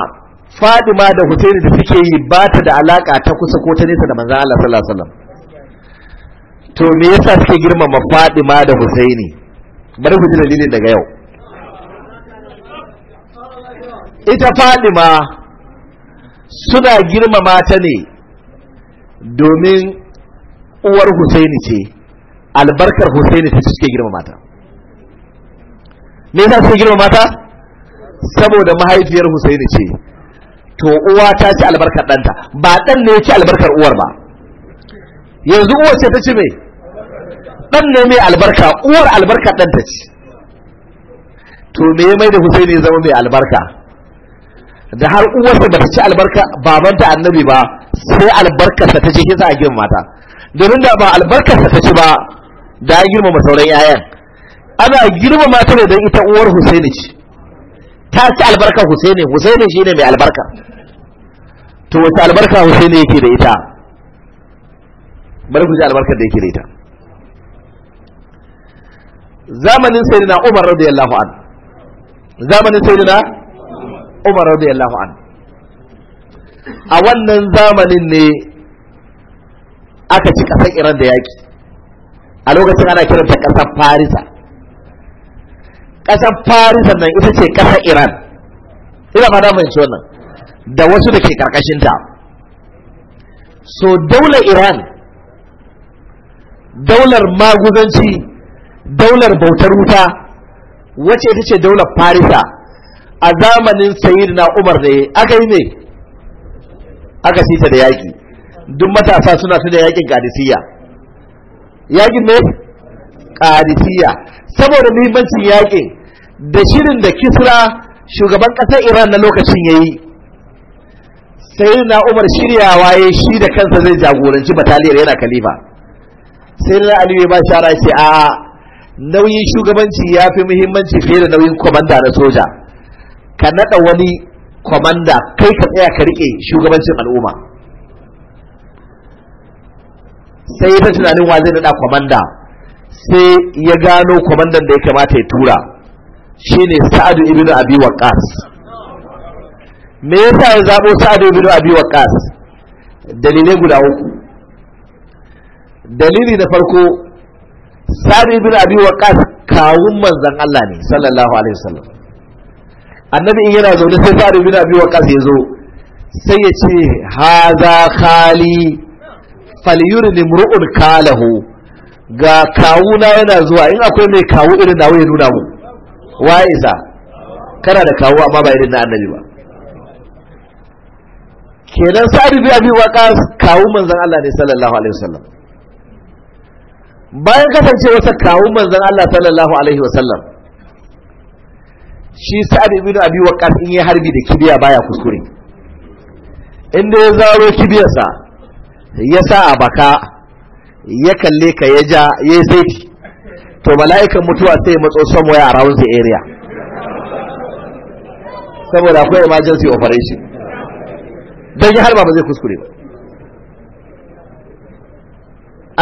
Fadima da Husaini da suke yi ba ta da alaka ta kusa ko ta nesa da manzan Allah sallallahu alaihi wasallam to me yasa suke girmama Fadima da Husaini bari ku ji dalilin daga yau ita Fadima suna girmama ta ne domin uwar Husaini ce albarkar Husaini ce suke girmama ta me yasa suke girmama ta saboda mahaifiyar Husaini ce to uwa ta ci albarkar ɗanta ba ɗan ne ya ci albarkar uwar ba yanzu uwar ce ta ci mai ɗan ne mai albarka uwar albarka ɗanta ci to me mai da Husaini zama mai albarka da har uwarsa ba ta ci albarka ta annabi ba sai albarkarsa ta ci shi za a girma ta domin da ba albarkarsa ta ci ba da an girma sauran 'ya'yan ana girma mata ne don ita uwar Husaini ce ta ci albarka husaini husaini shine mai albarka to wace albarka husaini yake da ita bari ku ji albarkar da yake da ita zamanin sayyidina umar radiyallahu an zamanin sayyidina umar radiyallahu an a wannan zamanin ne aka ci kasar iran da yaki a lokacin ana kiranta kasar farisa ƙasar farisa nan ita ce ƙasar iran ina fata fahimci wannan da wasu da ke ƙarƙashinta so daular iran daular maguzanci daular bautar wuta wacce ita ce daular farisa a zamanin na umar ne aka yi ne aka sita da yaƙi duk matasa suna su da yaƙin kadisiya yaƙin ne kadisiya saboda muhimmancin yaƙin da shirin da kisra shugaban ƙasar iran na lokacin ya yi sai na umar shiryawa ya shi da kansa zai jagoranci bataliyar yana kalifa sai na aliyu ya ba shara ce a nauyin shugabanci ya fi muhimmanci fiye da nauyin kwamanda na soja ka naɗa wani kwamanda kai ka tsaya ka riƙe shugabancin al'umma sai ta tunanin wa zai naɗa kwamanda sai ya gano kwamandan da ya kamata ya tura shine sa'adu ibnu abi waqas me yasa ya zabo sa'adu ibnu abi waqas dalilai guda uku dalili na farko sa'adu ibnu abi waqas kawun manzon Allah ne sallallahu alaihi wasallam annabi in yana zaune sai sa'adu ibnu abi waqas ya zo sai ya ce haza khali falyurid limru'un kalahu ga kawuna yana zuwa in akwai mai kawu irin nawa ya nuna mu wa isa kana da kawu amma ba irin na annabi ba kenan sa'adu bi abi waqas kawu manzon Allah ne sallallahu alaihi wasallam bayan kasance wasa kawu manzon Allah sallallahu alaihi wasallam shi biyu ibn abi waƙa in yi harbi da kibiya baya kuskure inda ya zaro kibiyarsa ya sa a baka ya kalle ka ya ja ya saiti to mala'ikan mutuwa sai matso ya around the area saboda akwai emergency operation don yi harba ba zai kuskure ba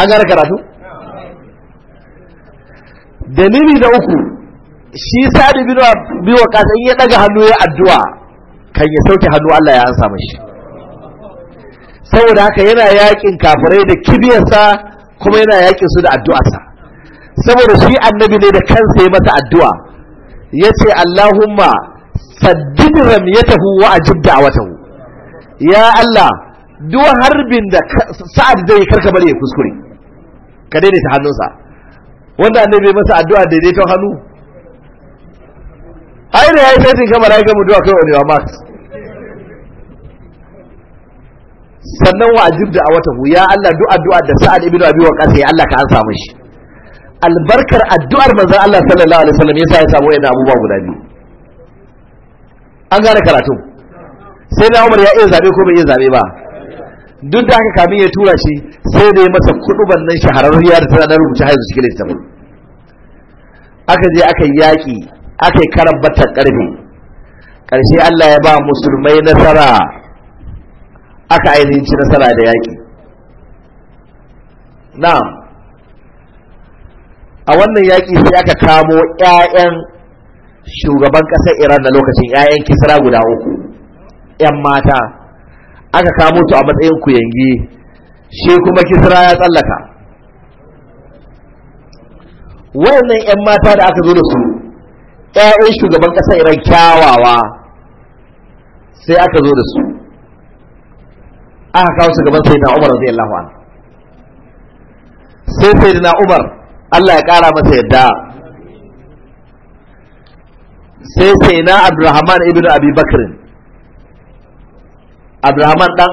an gane karatu dalili na uku shi bi biwa kasan ya daga hannu ya addu'a kan ya sauke hannu Allah ya ansa mashi saboda haka yana yakin kafirai da kibiyarsa kuma yana yakin su da addu'arsa saboda shi annabi ne da kansa ya masa addu'a ya ce Allahumma saddid ramyatahu wa ajib da'watahu ya Allah duk harbin da sa'ad zai karka bari ya kuskure ka daidaita hannunsa wanda annabi masa addu'a daidaiton hannu ai da yayi sai kamar ai ga mu duwa kai wani wa max sannan wa ajib da awatahu ya Allah duk addu'a da sa'ad ibn abi waqas ya Allah ka ansa mishi albarkar addu'ar manzon Allah sallallahu alaihi wasallam yasa ya samu yana abubuwa guda biyu an gane karatu sai na Umar ya iya zabe ko bai iya zabe ba duk da haka kamin ya tura shi sai da ya masa kuduban nan shahararriya da tana rubuta haizu cikin littafin aka je aka yaki aka yi karan ƙarfe. ƙarshe Allah ya ba musulmai nasara aka ainihin ci nasara da yaƙi Na a wannan yaƙi sai aka kamo 'ya'yan shugaban ƙasar iran na lokacin 'ya'yan kisra guda uku 'yan mata aka kamo su a matsayin kuyangi shi kuma kisra ya tsallaka Wannan 'yan mata da aka zo da su 'ya'yan shugaban ƙasar iran kyawawa sai aka zo da su aka kawo su gaban sayyidina Umar radiyallahu anhu sai sayyidina Umar Allah ya kara masa yadda sai sayyidina Abdurrahman ibn Abi Bakr Abdurrahman dan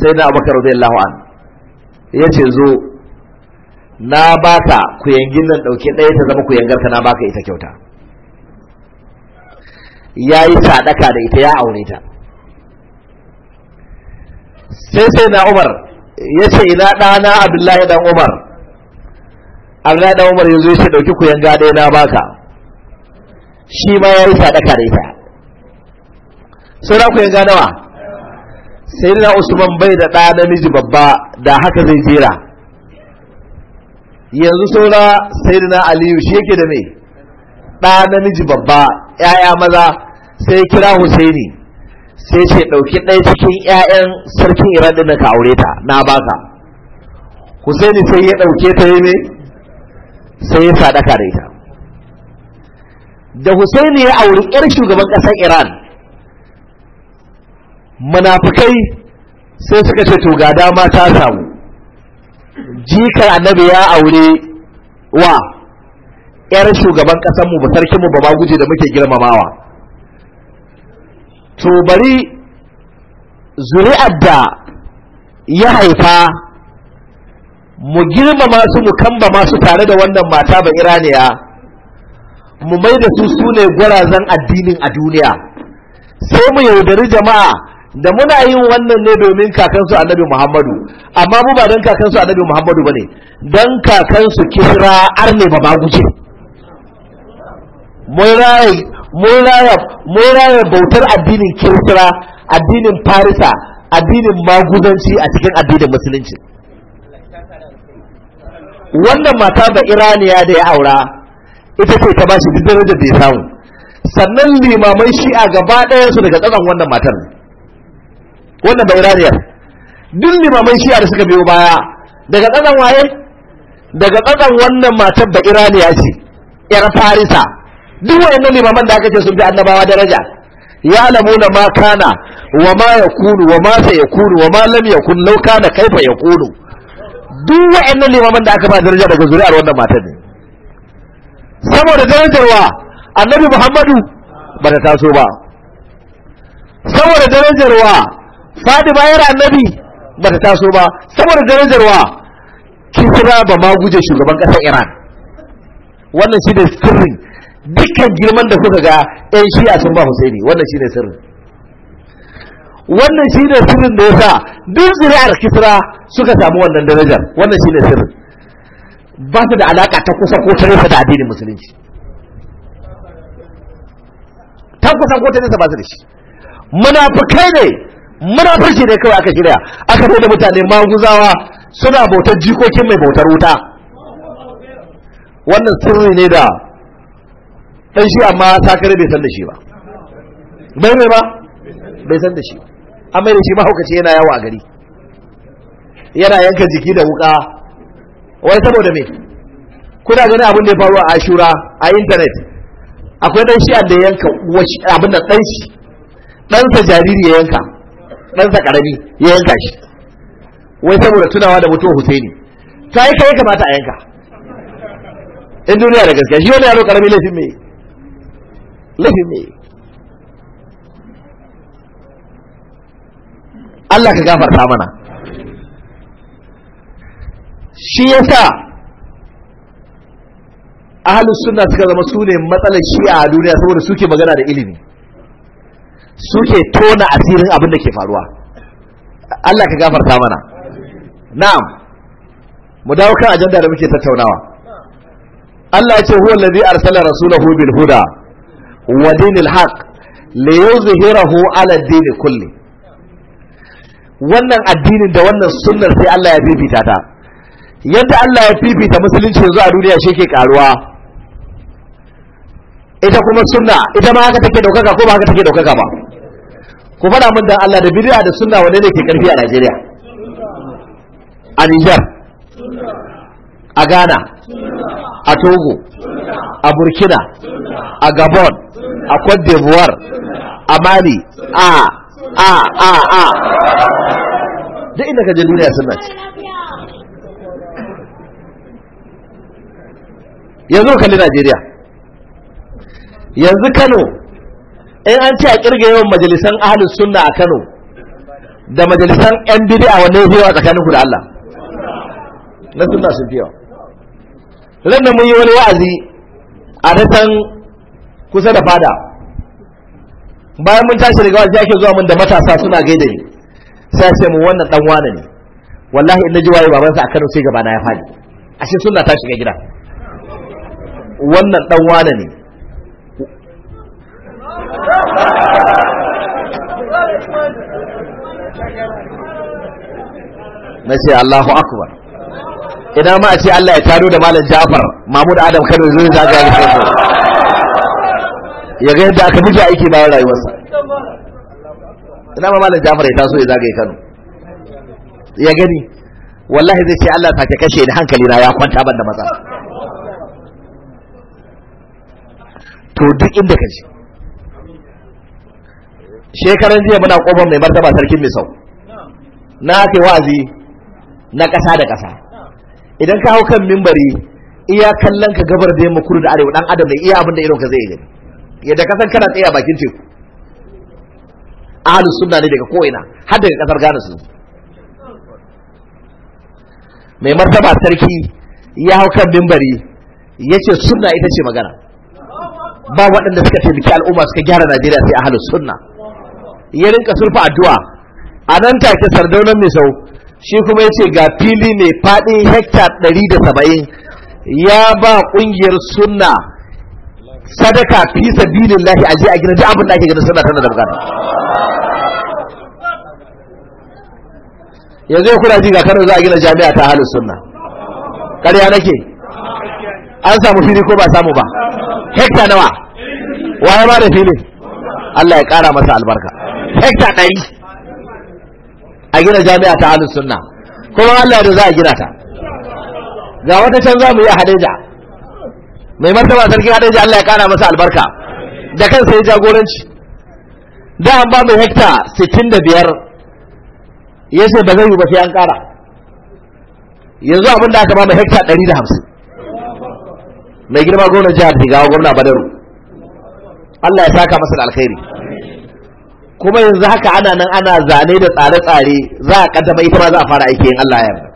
sayyidina Abubakar radiyallahu anhu yace zo na baka kuyangin nan dauke ɗaya ta zama ka na baka ita kyauta ya yi sadaka da ita ya aure ta sai sai na umar ya ce ina ɗana abdullahi dan umar abdullahi dan umar yanzu ya ce ɗauki ku yanga ɗaya na baka shi ma ya yi sadaka da ita ku yanga nawa sai na usman bai da ɗa namiji babba da haka zai jera yanzu saura sai na aliyu shi yake da me ɗa namiji babba ‘ya'ya maza sai kira Hussaini. sai ce ɗauki ɗaya cikin 'ya'yan sarkin iran ɗin ka aure ta na baka husaini sai ya ɗauke ta yi ne sai ya sadaka da ita da husaini ya auri 'yar shugaban ƙasar iran munafukai sai suka ce to ga dama ta samu jikar annabi ya aure wa 'yar shugaban ƙasarmu ba sarkinmu ba ma guje da muke girmamawa to bari zuri'ar da ya haifa mu girmama su mu kamba masu tare da wannan mata ba iraniya mu mai da su su ne gwarazan addinin a duniya sai mu yaudari jama'a da muna yin wannan ne domin kakansu annabi muhammadu amma mu ba don kakansu annabi muhammadu ba ne don kakansu kisra arne ba guje mun mun raya bautar addinin kirkira addinin farisa addinin maguzanci a cikin addinin musulunci wannan mata da iraniya da ya aura ita ce ta bashi duk da ya samu sannan limamai shi a gaba su daga tsakan wannan matar wannan da iraniyar duk shi a da suka biyo baya daga tsakan waye daga tsakan wannan matar da iraniya ce yar farisa duk wayannan limaman da aka ce sun fi annabawa daraja ya'lamuna ma kana wa ma yakunu wa ma sayakunu wa ma lam yakun law kana kaifa yakunu duk wayannan limaman da aka ba daraja daga zuri'ar wannan matar ne saboda darajarwa annabi Muhammadu ba ta taso ba saboda darajarwa fadi bayar annabi ba ta taso ba saboda darajarwa kisra ba ma guje shugaban ƙasar Iran wannan shi da sirrin dukkan girman da kuka ga yan shiya sun ba Husaini wannan shine sirrin wannan shine sirrin da ya sa. duk zuri'ar Kisra suka samu wannan darajar wannan shine sirrin ba su da alaƙa ta kusa ko ta nesa da addinin musulunci ta kusa ko ta nesa ba su da shi munafikai ne munafurci ne kawai aka shirya aka da mutane maguzawa suna bautar jikokin mai bautar wuta wannan sirri ne da dan shi amma sakare bai san da shi ba bai mai ba bai san da shi amma da shi mahaukaci yana yawo a gari yana yanka jiki da wuka wai saboda me kuna gani abin da ya faru a ashura a intanet akwai dan shi'a da yanka abin da dan shi ɗansa jariri ya yanka ɗansa ƙarami ya yanka shi wai saboda tunawa da mutuwar husaini ta yi kai kamata a yanka in duniya da gaskiya shi wani yaro ƙarami laifin mai laifin me Allah ka gafarta mana shi yasa ahlus sunna suka zama su ne matsalar shi a duniya saboda suke magana da ilimi suke tona asirin abin da ke faruwa Allah ka gafarta mana na'am mu dawo kan ajanda da muke tattaunawa Allah ya ce huwa allazi arsala rasulahu bil huda ودين الحق haq على الدين كله wannan addinin da wannan sunnar sai Allah ya bibita ta yadda Allah ya fifita musulunci yanzu a duniya shi ke karuwa ita kuma sunna ita ma haka take daukaka ko ba haka take daukaka ba ku faɗa min dan Allah da bid'a da sunna wanne ne ke karfi a Najeriya a Niger a Ghana a Togo a Burkina a Gabon a Côte d'Ivoire a Mali a a a a duk inda ka je duniya suna ci yanzu kalli Najeriya yanzu Kano in an ce a kirga yawan majalisan ahalin sunna a Kano da majalisan yan a wanne fi yawa tsakaninku da Allah na sunna sun fi yawa ranar mun yi wani wa'azi a datan kusa da fada bayan mun tashi daga wajen yake zuwa mun da matasa suna gaida ni sai ce mu wannan dan wani ne wallahi in naji waye babansa a Kano sai gaba na ya fadi ashe sunna tashi ga gida wannan dan wani ne na ce Allahu akbar idan ma a ce Allah ya taro da malam Jafar Mahmud Adam Kano zai zaga da kai ya ga yadda aka muke aiki bayan rayuwarsa ina ma malam Jafar ya taso ya zagaye Kano ya gani wallahi zai ce Allah sake kashe ni hankali na ya kwanta ban da matsala to duk inda kaje shekaran jiya muna kofar mai martaba sarkin Misau na kai wa'azi na ƙasa da ƙasa idan ka hau kan mimbari iya kallon ka gabar da yamma kudu da arewa dan adam da iya abin da irin ka zai gani yadda kasan kana tsaye a bakin teku ahalus sunna ne daga ko'ina har daga kasar Ghana su mai martaba sarki ya hau kan bimbari ya ce sunna ita ce magana ba waɗanda suka taimaki al'umma suka gyara Najeriya sai ahalus sunna ya rinka sulfa addu'a a nan take sardaunan mai sau shi kuma ya ce ga fili mai faɗin hekta ɗari da saba'in ya ba ƙungiyar sunna sadaka fi lahi aje a gina duk abin da ake gina suna tana da bukata yanzu ya kuna ji ga Kano za a gina jami'a ta halin sunna ƙarya nake an samu fili ko ba samu ba hekta nawa waye ba da fili Allah ya ƙara masa albarka hekta ɗari a gina jami'a ta halin sunna kuma Allah da za a gina ta ga wata can za mu yi a Hadeja mai martaba sarkin ji Allah ya kara masa albarka da kansa ya jagoranci da an ba mai hekta 65 ya ce ba zai yi ba sai an kara yanzu abin da aka ba mai hekta 150 mai girma gwamnan jihar Jigawa gwamna Badaru Allah ya saka masa da alkhairi kuma yanzu haka ana nan ana zane da tsare-tsare za a kaddama ita ma za a fara aiki yin Allah ya yarda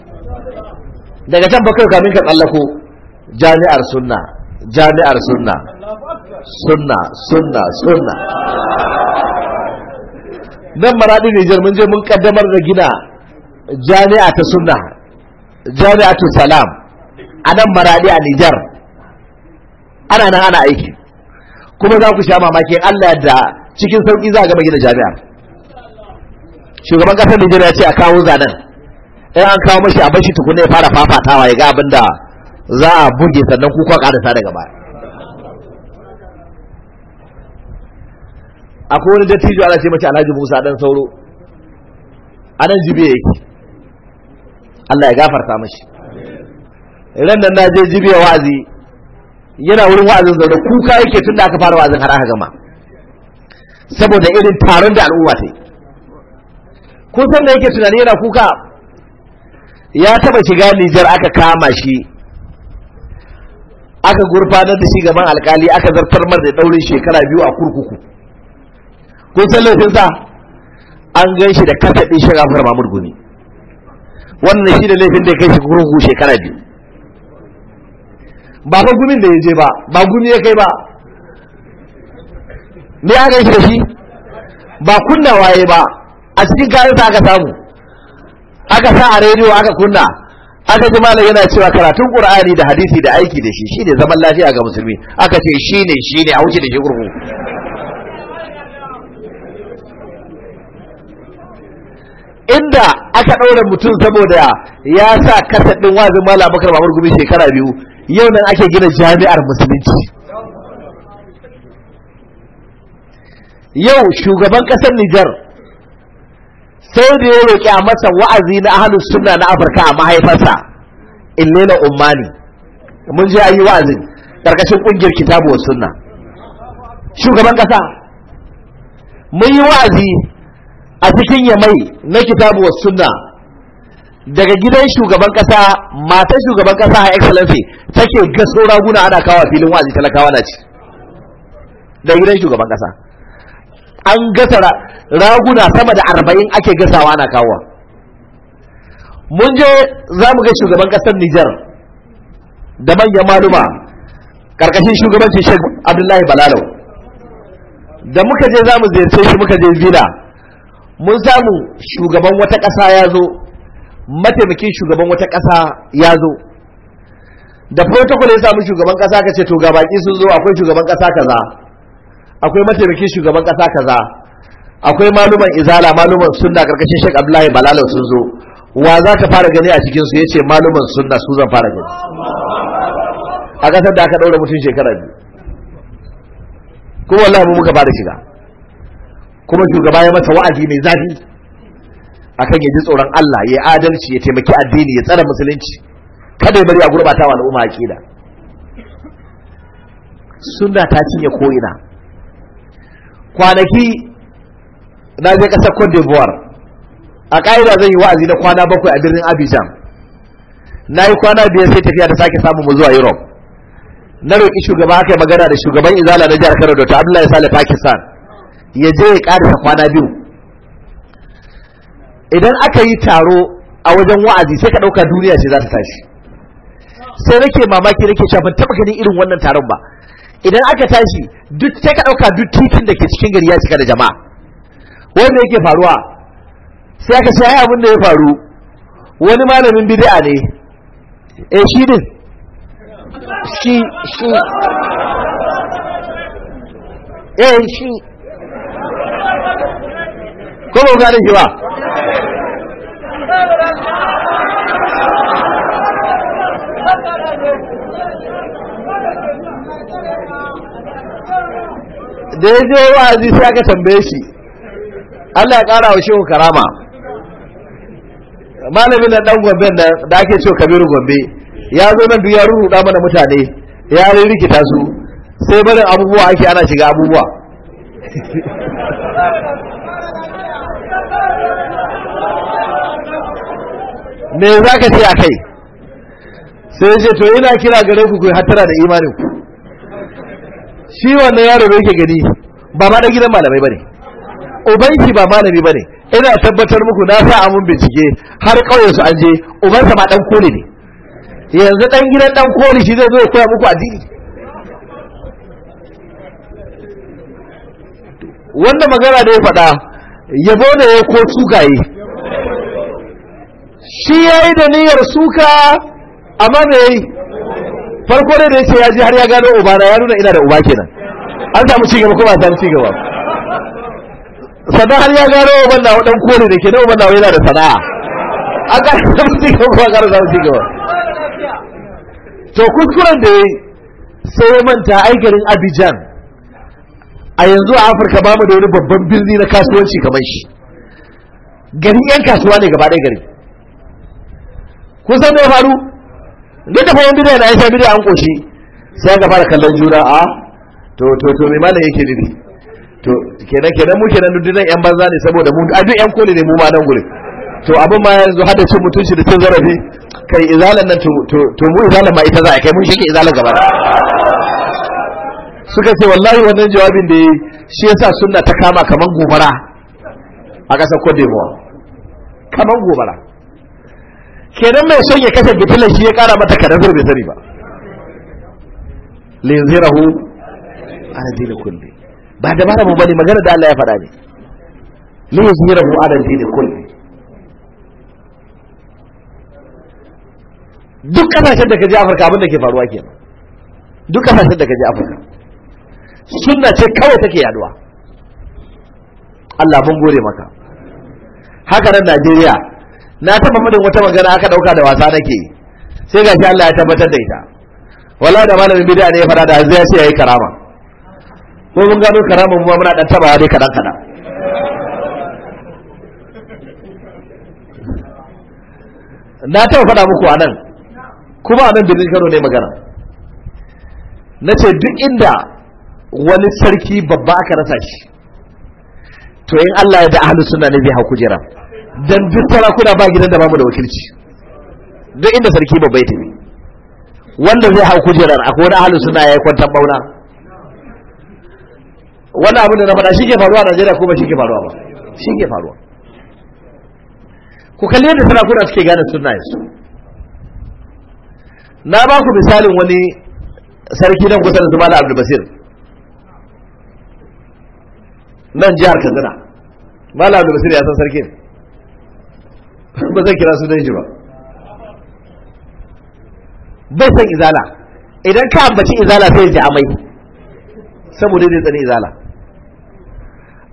daga can bakai kamin ka tsallako jami'ar sunna jami'ar sunna sunna sunna sunna nan maraɗi Nijar mun je mun kaddamar da gina jami'a ta sunna ta salam a nan maraɗi a Nijar ana nan ana aiki kuma za ku sha mamaki Allah da cikin sauƙi za a gama gina jami'ar shugaban ƙasar Nijar ya ce a kawo zanen in an kawo mashi a bashi tukuna ya fara fafatawa ya ga abin da za a buge sannan kuka. kwa karasa daga baya akwai wani dattijo ana ce mace alhaji musa dan sauro a nan jibe yake allah ya gafarta mashi ran nan na je jibe wa'azi yana wurin wa'azin zaune kuka yake tun da aka fara wa'azin har aka gama saboda irin taron da al'umma ta yi kun san da yake tunani yana kuka ya taba shiga nijar aka kama shi aka gurfanar da shi gaban alkali aka zartar mar da daurin shekara biyu a kurkuku kun san sa, an gan shi da din shi gafar mamur guni wannan shi da laifin da ya kai shi kurkuku shekara biyu ba fa gumin da ya je ba ba gumi ya kai ba me aka yi shi da shi ba kunna waye ba a cikin kayansa aka samu aka sa a rediyo aka kunna aka ji malam yana cewa karatun qur'ani da hadisi da aiki da shi shine zaman lafiya ga musulmi aka ce shine shine a wuce da shi gurgu inda aka ɗaure mutum saboda ya sa kasar ɗin wazin malam bakar babur gumi shekara biyu yau nan ake gina jami'ar musulunci yau shugaban ƙasar Nijar sai da ya roƙi a masa wa'azi na ahalus sunna na afirka a mahaifarsa illena ummani mun je ayi wa'azin ƙarƙashin ƙungiyar kitabu was sunna shugaban ƙasa mun yi wa'azi a cikin yamai na kitabu was sunna daga gidan shugaban ƙasa matan shugaban ƙasa a excellency take gaso raguna ana kawo filin wa'azi talakawa na ci da gidan shugaban ƙasa. an gasa raguna sama da arba'in ake gasawa ana kawo mun je za mu ga shugaban kasar Nijar da manyan maluma ƙarƙashin shugabancin Sheikh Abdullahi Balalo da muka je za mu ziyarce shi muka je zina mun samu shugaban wata ƙasa ya zo mataimakin shugaban wata ƙasa ya zo da protocol ya samu shugaban ƙasa ka ce to ga baki sun zo akwai shugaban ƙasa kaza akwai mataimakin shugaban kasa kaza akwai maluman izala maluman sunna karkashin Sheikh Abdullahi Balalo sun zo wa za ka fara gani a cikin su yace maluman sunna su zan fara gani a kasar da aka daura mutum shekara biyu kuma wallahi mu muka fara shiga kuma shugaba ya mata wa'azi mai zafi akan ya ji tsoron Allah ya adalci ya taimaki addini ya tsara musulunci kada ya bari a gurbata wa al'umma aqida sunna ta cinye koina ina kwanaki na je ƙasar Cote d'Ivoire a ƙa'ida zan yi wa'azi na kwana bakwai a birnin Abijan na yi kwana biyar sai tafiya ta sake samun mu zuwa Europe na roƙi shugaba aka magana da shugaban izala na jihar Kano Dr. Abdullahi Saleh Pakistan ya je ya ƙarisa kwana biyu idan aka yi taro a wajen wa'azi sai ka ɗauka duniya ce za ta tashi sai nake mamaki nake shafin taɓa ganin irin wannan taron ba idan aka tashi duk sai ka ɗauka duk titin da ke cikin gari ya cika da jama'a wanda yake faruwa sai aka sai abin da ya faru wani malamin bid'a ne eh shi din shi shi eh shi ko ba da shi ba da ya je wa'azi sai aka tambaye shi Allah ya kara wa shehu karama malamin na dan gobe da ake cewa kabiru gobe ya zo nan duk ya ruruɗa mana mutane ya rikita su sai barin abubuwa ake ana shiga abubuwa me za ka ce a kai sai ce to ina kira gare ku ku hattara da imanin ku shi wannan yaro da yake gani ba ma da gidan malamai bane uban shi ba malami bane ina tabbatar muku na sa amun bincike har kauyen su an je uban sa ma dan koli ne yanzu dan gidan dan koli shi zai zo ya koya muku addini wanda magana da ya faɗa yabo da ya ko sukaye shi yayi da niyyar suka amma me farko dai da yace ya ji har ya gano uba na ya nuna ina da uba kenan an samu ci gaba ko ba samu ci gaba sannan har ya gano uban na dan kore da ke na uban na yana da sana'a an ka samu ci gaba ko ka samu ci gaba to kuskuren da yayi sai ya manta ai garin Abidjan a yanzu a Afirka ba mu da wani babban birni na kasuwanci kamar shi garin yan kasuwa ne gaba ɗaya gari kusan da ya faru duk da fayin bidiyar da aisha bidiyar an koshi sai ga fara kallon juna a ah, to to to mai malam yake nufi to kenan kenan mu kenan duk dinan yan banza ne saboda mu a duk yan koli ne mu ma nan gurin to abin ma yanzu hada cin mutunci da cin zarafi kai izalan nan to to mu izalan ma ita za a kai mun shike izalan gaba suka ce wallahi wannan jawabin da yi shi yasa sunna ta kama kaman gobara a ƙasar Cote d'Ivoire kaman gobara kenan mai son ya kasa fitilar shi ya kara mata kadafir bai sani ba linzirahu ala dini kulli ba da bara mu bane magana da Allah ya fada ne linzirahu ala dini kulli duk kasashen da ka je Afirka abin da ke faruwa kenan duk kasashen da ka je Afirka sunna ce kawai take yaduwa Allah mun gode maka haka nan Najeriya na taba mudin wata magana aka dauka da wasa nake sai shi Allah ya tabbatar da ita wallahi da malamin bid'a ne ya fara da azza ya yayi karama ko mun gano karama mu muna dan taba dai kadan kadan na taba faɗa muku a nan kuma a nan birnin Kano ne magana na ce duk inda wani sarki babba aka rasa shi to in Allah ya da ahlus sunna ne bi hakujira kujera dan duk sarakuna ba gidan da bamu da wakilci duk inda sarki babbai tafi wanda zai hau kujerar akwai wani ahalin suna ya yi kwantar bauna wannan abin da na faɗa shi ke faruwa a najeriya ko ba shi ke faruwa ba shi ke faruwa ku kalli yadda sarakuna suke gane suna yanzu na ba ku misalin wani sarki nan kusa da zumala abdul basir nan jihar katsina malam abdul basir ya san sarkin ba zai kira sunan shi ba bai san izala idan ka ambaci izala sai ji amai saboda zai tsani izala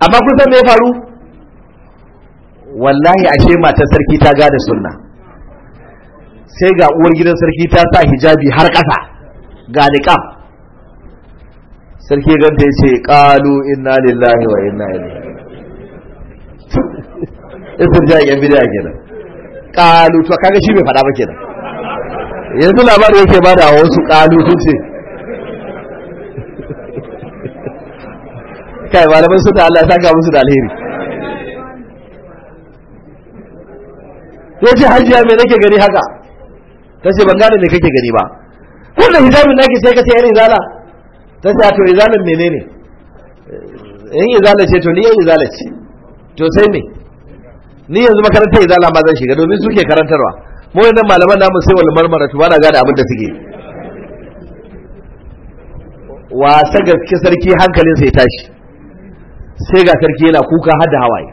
amma kun san me ya faru wallahi ashe matar sarki ta gada sunna sai ga uwar gidan sarki ta sa hijabi har ƙasa ga niqab sarki ganta ya ce ƙalu inna lillahi wa inna ilaihi istirja ya bida kenan qalu to kaga shi bai faɗa ba kenan yanzu labarin yake bada da wasu qalu sun ce kai malaman da Allah ya saka musu da alheri yace hajiya me nake gani haka tace ban gane me kake gani ba kullum hijabin nake sai ka ce irin zala tace to izalan menene eh, in izala ce to ni ya izala ce to sai me ni yanzu makarantar zala ma zan shiga domin suke karantarwa mu yanzu malaman namu sai wal marmara tu na gane abin da suke wasa gaske sarki hankalin ya tashi sai ga sarki yana kuka har da hawaye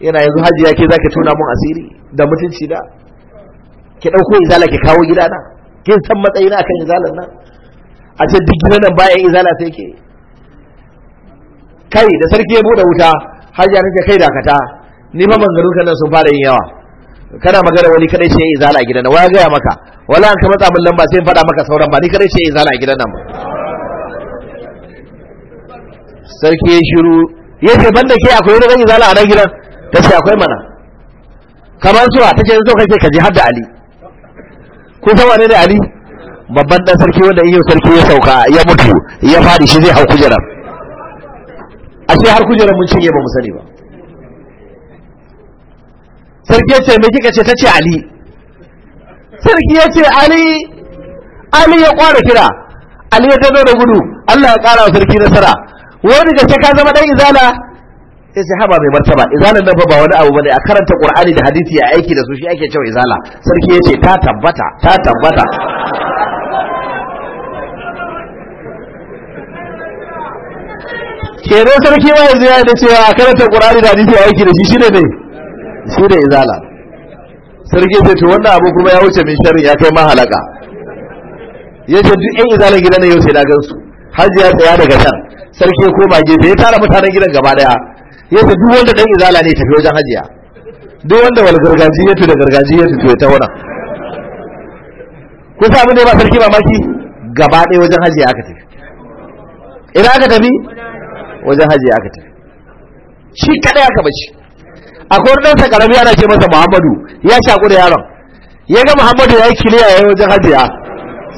yana yanzu hajiya ke zaki tona mun asiri da mutunci da ki dauko izala ki kawo gidana kin san matsayina akan izalan nan a ce duk gidan nan bayan izala sai ke kai da sarki ya bude wuta hajiya nake kai dakata ni fa manzarun kan sun fara yin yawa kana magana wani kadai ce zala a gidan nan waya gaya maka wala an ka matsa min lamba sai in faɗa maka sauran ba ni kadai ce zala a gidan nan ba sarki ya shiru ya ce banda ke akwai wani ganin zala a nan gidan ta ce akwai mana kamar suwa ta ce zo kake ka ji har da ali ko san wane ne ali babban dan sarki wanda iyo sarki ya sauka ya mutu ya fadi shi zai hau kujerar ashe har kujerar mun cinye ba mu sani ba sarki ya ce me kika ce ta ce ali sarki ya ce ali ali ya kwara kira ali ya tazo da gudu Allah ya kara wa sarki nasara wani ga ce ka zama dan izala ya ce haba mai martaba izala nan ba wani abu bane a karanta qur'ani da hadisi a aiki da su shi ake cewa izala sarki ya ce ta tabbata ta tabbata kero sarki wa yanzu ya da cewa a karanta qur'ani da hadisi a aiki da shi shine ne su da izala sarki sai to wannan abu kuma ya wuce min sharri ya kai ma halaka ce duk ɗan izalan gidan nan yau sai na gansu hajji ya tsaya daga can sarki ya koma gefe ya tara mutanen gidan gaba daya ce duk wanda ɗan izala ne tafi wajen hajiya duk wanda wal gargaji ya da gargaji ya to ya ta wannan kusa abin da ya ba sarki mamaki gaba daya wajen hajiya aka tafi ina aka tafi wajen hajiya aka tafi shi kadai aka bace akwai wani ɗansa ƙarami ana ce masa muhammadu ya shaƙu da yaron ya ga muhammadu ya yi kiliya ya wajen hajiya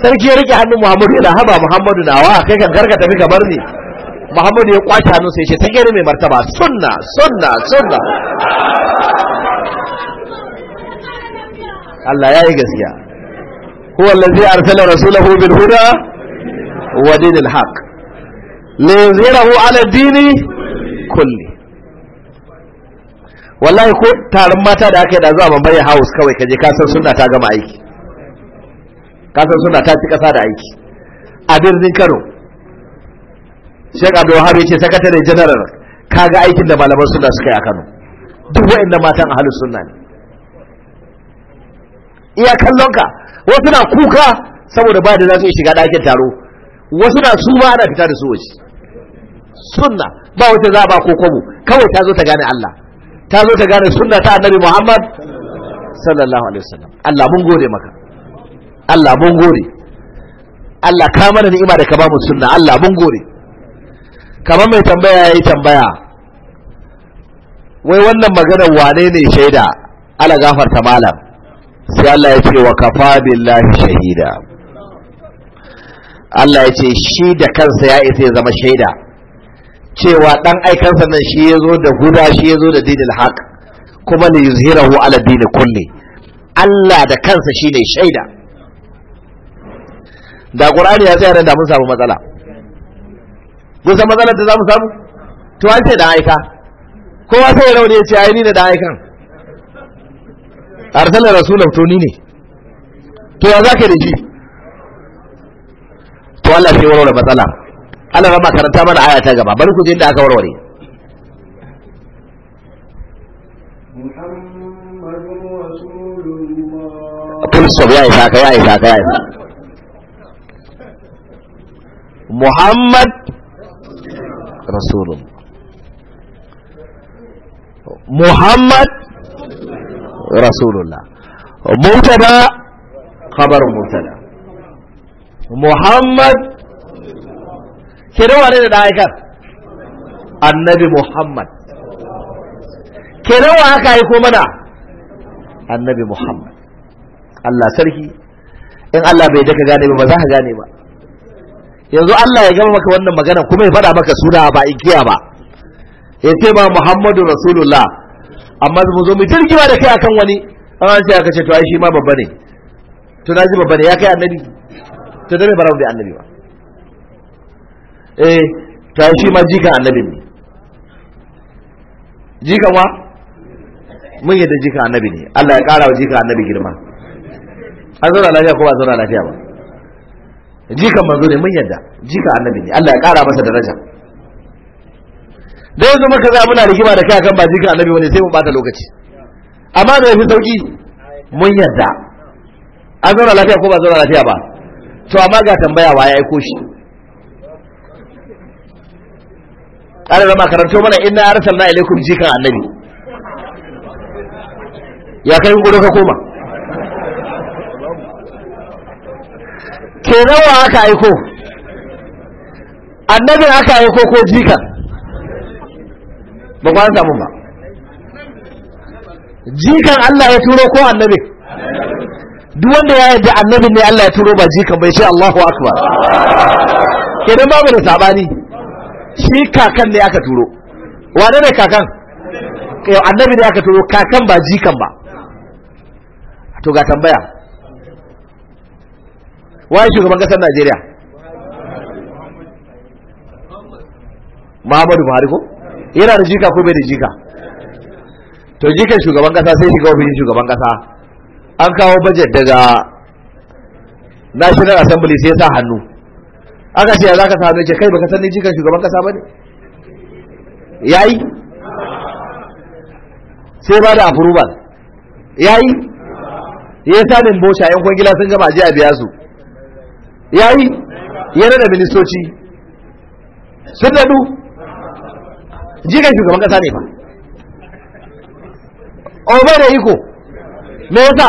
sarki ya rike hannun muhammadu yana haba muhammadu nawa kai kan karka tafi ka bar ni muhammadu ya kwace hannun sai ce ta gani mai martaba sunna sunna sunna Allah ya yi gaskiya huwa allazi arsala rasulahu bil huda wa dinil haqq li yuzhirahu ala dini kulli wallahi ko taron mata da aka yi da a bambaya house kawai kaje ka san suna ta gama aiki ka san suna ta ci kasa da aiki a birnin kano shek abdul wahab yace sakatare general kaga aikin da malaman suna suka yi a kano duk wa'annan matan a sunna ne iya kallon ka wasu na kuka saboda ba da za su shiga ɗakin taro wasu na su ba ana fita da su waje sunna ba wata za ba ko kwabo kawai ta zo ta gane Allah ta zo ta gane sunna ta annabi Muhammad sallallahu alaihi wasallam Allah mun gode maka Allah mun gode Allah ka mana ni'ima da ka ba mu sunna Allah mun gode kamar mai tambaya yayi tambaya wai wannan maganar wane ne shaida ala gafarta malam sai Allah ya ce wa kafa billahi shahida Allah ya ce shi da kansa ya isa ya zama shaida cewa dan aikansa nan shi ya zo da guda shi ya zo da dinil haƙ, kuma ne yuzhirahu ala dini kulli Allah da kansa shi ne shaida da qur'ani ya tsaya da mun samu matsala kun san matsalar da za mu samu to an ce da aika kowa sai rauni ya ce ai ni ne da aikan arsala rasulahu to ni ne to ya zaka da shi to Allah sai warware matsala Allah rama karanta mana aya ta gaba bari ku je da aka warware Muhammad Rasulun Muhammad Rasulullah Murtada khabar Murtada Muhammad kenan wane da dan aikar annabi muhammad kenan wa aka aiko mana annabi muhammad allah sarki in allah bai daga gane ba za ka gane ba yanzu allah ya gama maka wannan magana kuma ya faɗa maka suna ba igiya ba ya ce ba muhammadu rasulullah amma mu zo mu jirgiwa da kai akan wani an ce aka ce to ai shi ma babba ne to na ji babba ne ya kai annabi to da bai bara mu bi annabi ba eh ta shi ma jikan annabin ne jikan wa mun yadda jikan annabi ne Allah ya kara wa jikan annabi girma an zauna lafiya ko ba zauna lafiya ba jikan manzo ne mun yadda jikan annabi ne Allah ya kara masa daraja da yanzu muka za muna rigima da kai akan ba jikan annabi wani sai mu bata lokaci amma da yafi sauki mun yadda an zauna lafiya ko ba zauna lafiya ba to amma ga tambaya wa ya aiko shi ƙara zama karanto mana inna arsalna ilaikum jikan annabi ya kai gudu ka koma kenan wa aka aiko annabin aka aiko ko jikan ba kwanta mun ba jikan Allah ya turo ko annabi duk wanda ya yarda annabin ne Allah ya turo ba jikan bai shi Allahu akbar kenan babu da sabani shi kakan ne aka turo wane ne kakan yau eh, annabi ne aka turo kakan ba jikan ba to ga tambaya waye shugaban kasar Najeriya Muhammadu Buhari ko yana da jika ko bai da jika to jikan shugaban kasa sai shiga ofishin shugaban kasa an kawo bajet daga National Assembly sai ya sa hannu aka ce ya za ka same ce kai baka san ni jikan shugaban kasa ba ne ya yi sai ba da approval ya yi ya yi sanin bosha yan kwangila sun gama ji a biya su ya yi ya nada ministoci sun dadu jikan shugaban kasa ne ba bai da iko me yasa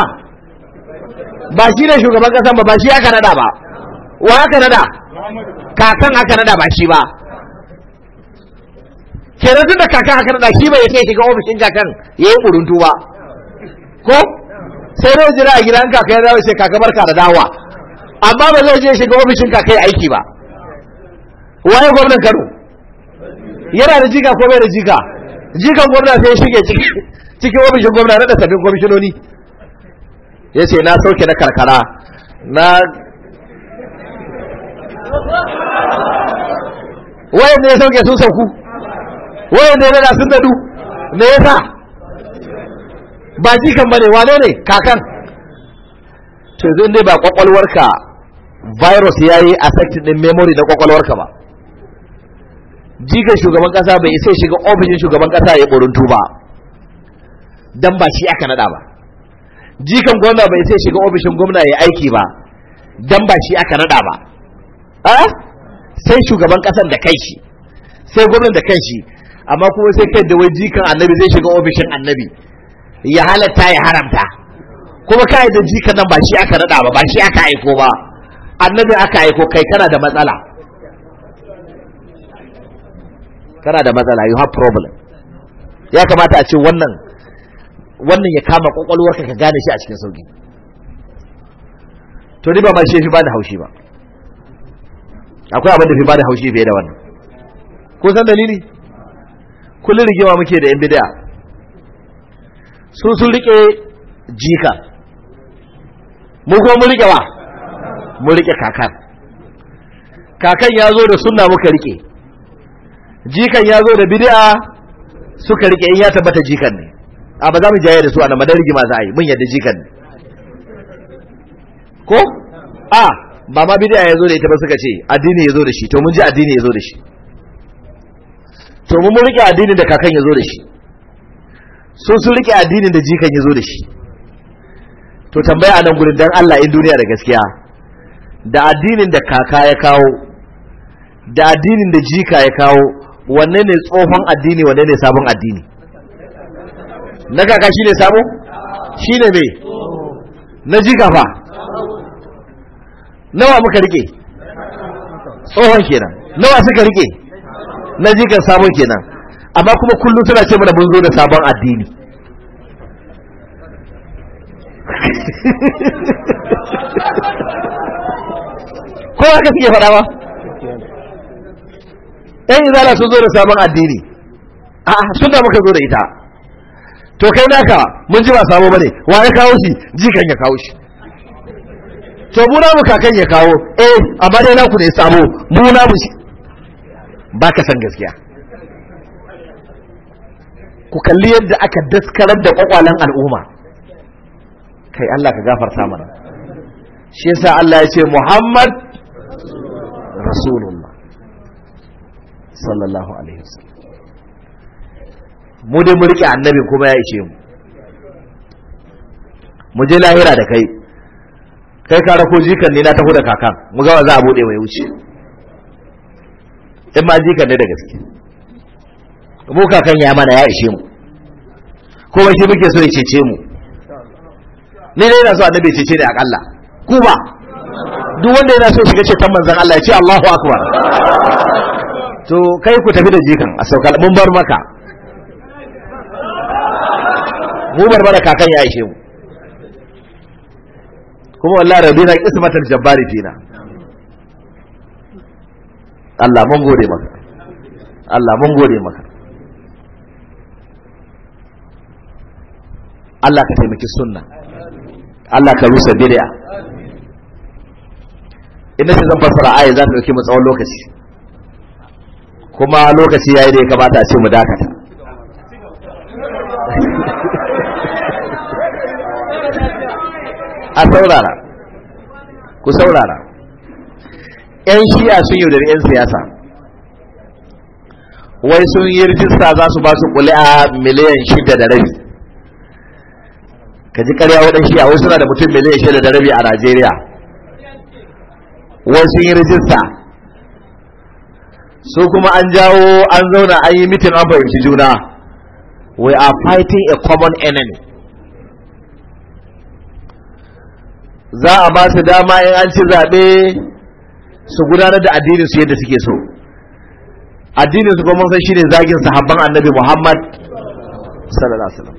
ba shi ne shugaban kasa ba ba shi ya kanada ba wa aka nada kakan aka nada ba shi ba kenan tun da kakan aka nada shi bai ce shiga ofishin kakan ya yi kuruntu ba ko sai dai jira a gidan kaka ya dawo sai kaka barka da dawa amma ba zai je shiga ofishin kaka ya aiki ba waye gwamnan Kano yana da jika ko bai da jika jikan gwamna sai shige cikin ofishin gwamna na da sabbin kwamishinoni ya ce na sauke na karkara na wayanda ya sauke sun sauku wayanda ya dada sun dadu me yasa ba jikan bane wane ne kakan to yanzu ne ba kwakwalwarka virus ya yi affecting din memory na kwakwalwarka ba jikan shugaban kasa bai isa shiga ofishin shugaban kasa ya buruntu ba dan ba shi aka nada ba jikan gwamna bai isa shiga ofishin gwamna ya aiki ba dan ba shi aka nada ba sai shugaban kasan da kai shi sai gwamnan da kai shi amma kuma sai kai da wai jikan annabi zai shiga ofishin annabi ya halatta ya haramta kuma kai da jikan nan ba shi aka rada ba ba shi aka aiko ba annabi aka aiko kai kana da matsala kana da matsala you have problem ya kamata a ce wannan wannan ya kama kwakwalwarka ka gane shi a cikin sauki to ni ba ma shi fi ba da haushi ba akwai abin da fi bada haushi fiye da wannan ko san dalili kullum rigima muke da yan bid'a su sun rike jika mu ko mu rike wa mu rike kakan kakan ya zo da sunna muka rike jikan ya zo da bid'a suka rike in ya tabbata jikan ne a ba za mu jaye da su a nan madar rigima za a yi mun yadda jikan ne ko a ba ma bid'a ya zo da ita ba suka ce addini ya zo da shi to mun ji addini ya zo da shi to mun rike addini da kakan ya zo da shi so sun rike addinin da jikan ya zo da shi to tambaya a nan gurin dan Allah in duniya da gaskiya da addinin da kaka ya kawo da addinin da jika ya kawo wanne ne tsohon addini wanne ne sabon addini na kaka shine sabo shine me na jika fa nawa muka rike tsohon kenan nawa suka rike na jikan sabon kenan amma kuma kullum suna ce mana mun zo da sabon addini ko haka suke faɗa ba ɗan izala sun zo da sabon addini a da muka zo da ita to kai naka mun ji ba sabo bane wa ya kawo shi jikan ya kawo shi to mu kakan ya kawo eh amma dai naku ne sabo mu ba ka san gaskiya ku kalli yadda aka daskarar da kwakwalen al'umma kai Allah ka gafarta mana shi yasa Allah ya ce Muhammad rasulullah sallallahu alaihi wasallam mu dai mu rike annabi kuma ya ishe mu mu je lahira da kai kai ka rako jikan ne na taho da kakan mu ga za a bude mai wuce in ma jikan ne da gaske mu kakan ya mana ya ishe mu ko wai shi muke so ya cece mu ni dai na so annabi cece ne akalla ku ba duk wanda yana so shiga cikin manzon Allah ya ce Allahu akbar to kai ku tafi da jikan a saukar mun bar maka mu bar mana kakan ya ishe mu kuma wallahi na qismatal jabbari fina Allah mun gode maka Allah mun gode maka Allah ka taimaki sunna Allah ka rusa bid'a inda sai zan fassara aya za ta dauke mu tsawon lokaci kuma lokaci yayi da ya kamata a ce mu dakata a saurara ku saurara 'yan shi'a sun yaudari 'yan siyasa wai sun yi rijista za su ba su a miliyan shida da rabi ka ji karya waɗan shi'a wai suna da mutum miliyan shida da rabi a najeriya wai sun yi rijista su kuma an jawo an zauna an yi mitin an fahimci juna we are fighting a common enemy za a ba su dama in an ci zaɓe su gudanar da addinin su yadda suke so addinin su kuma san shine zagin sahabban annabi Muhammad sallallahu alaihi wasallam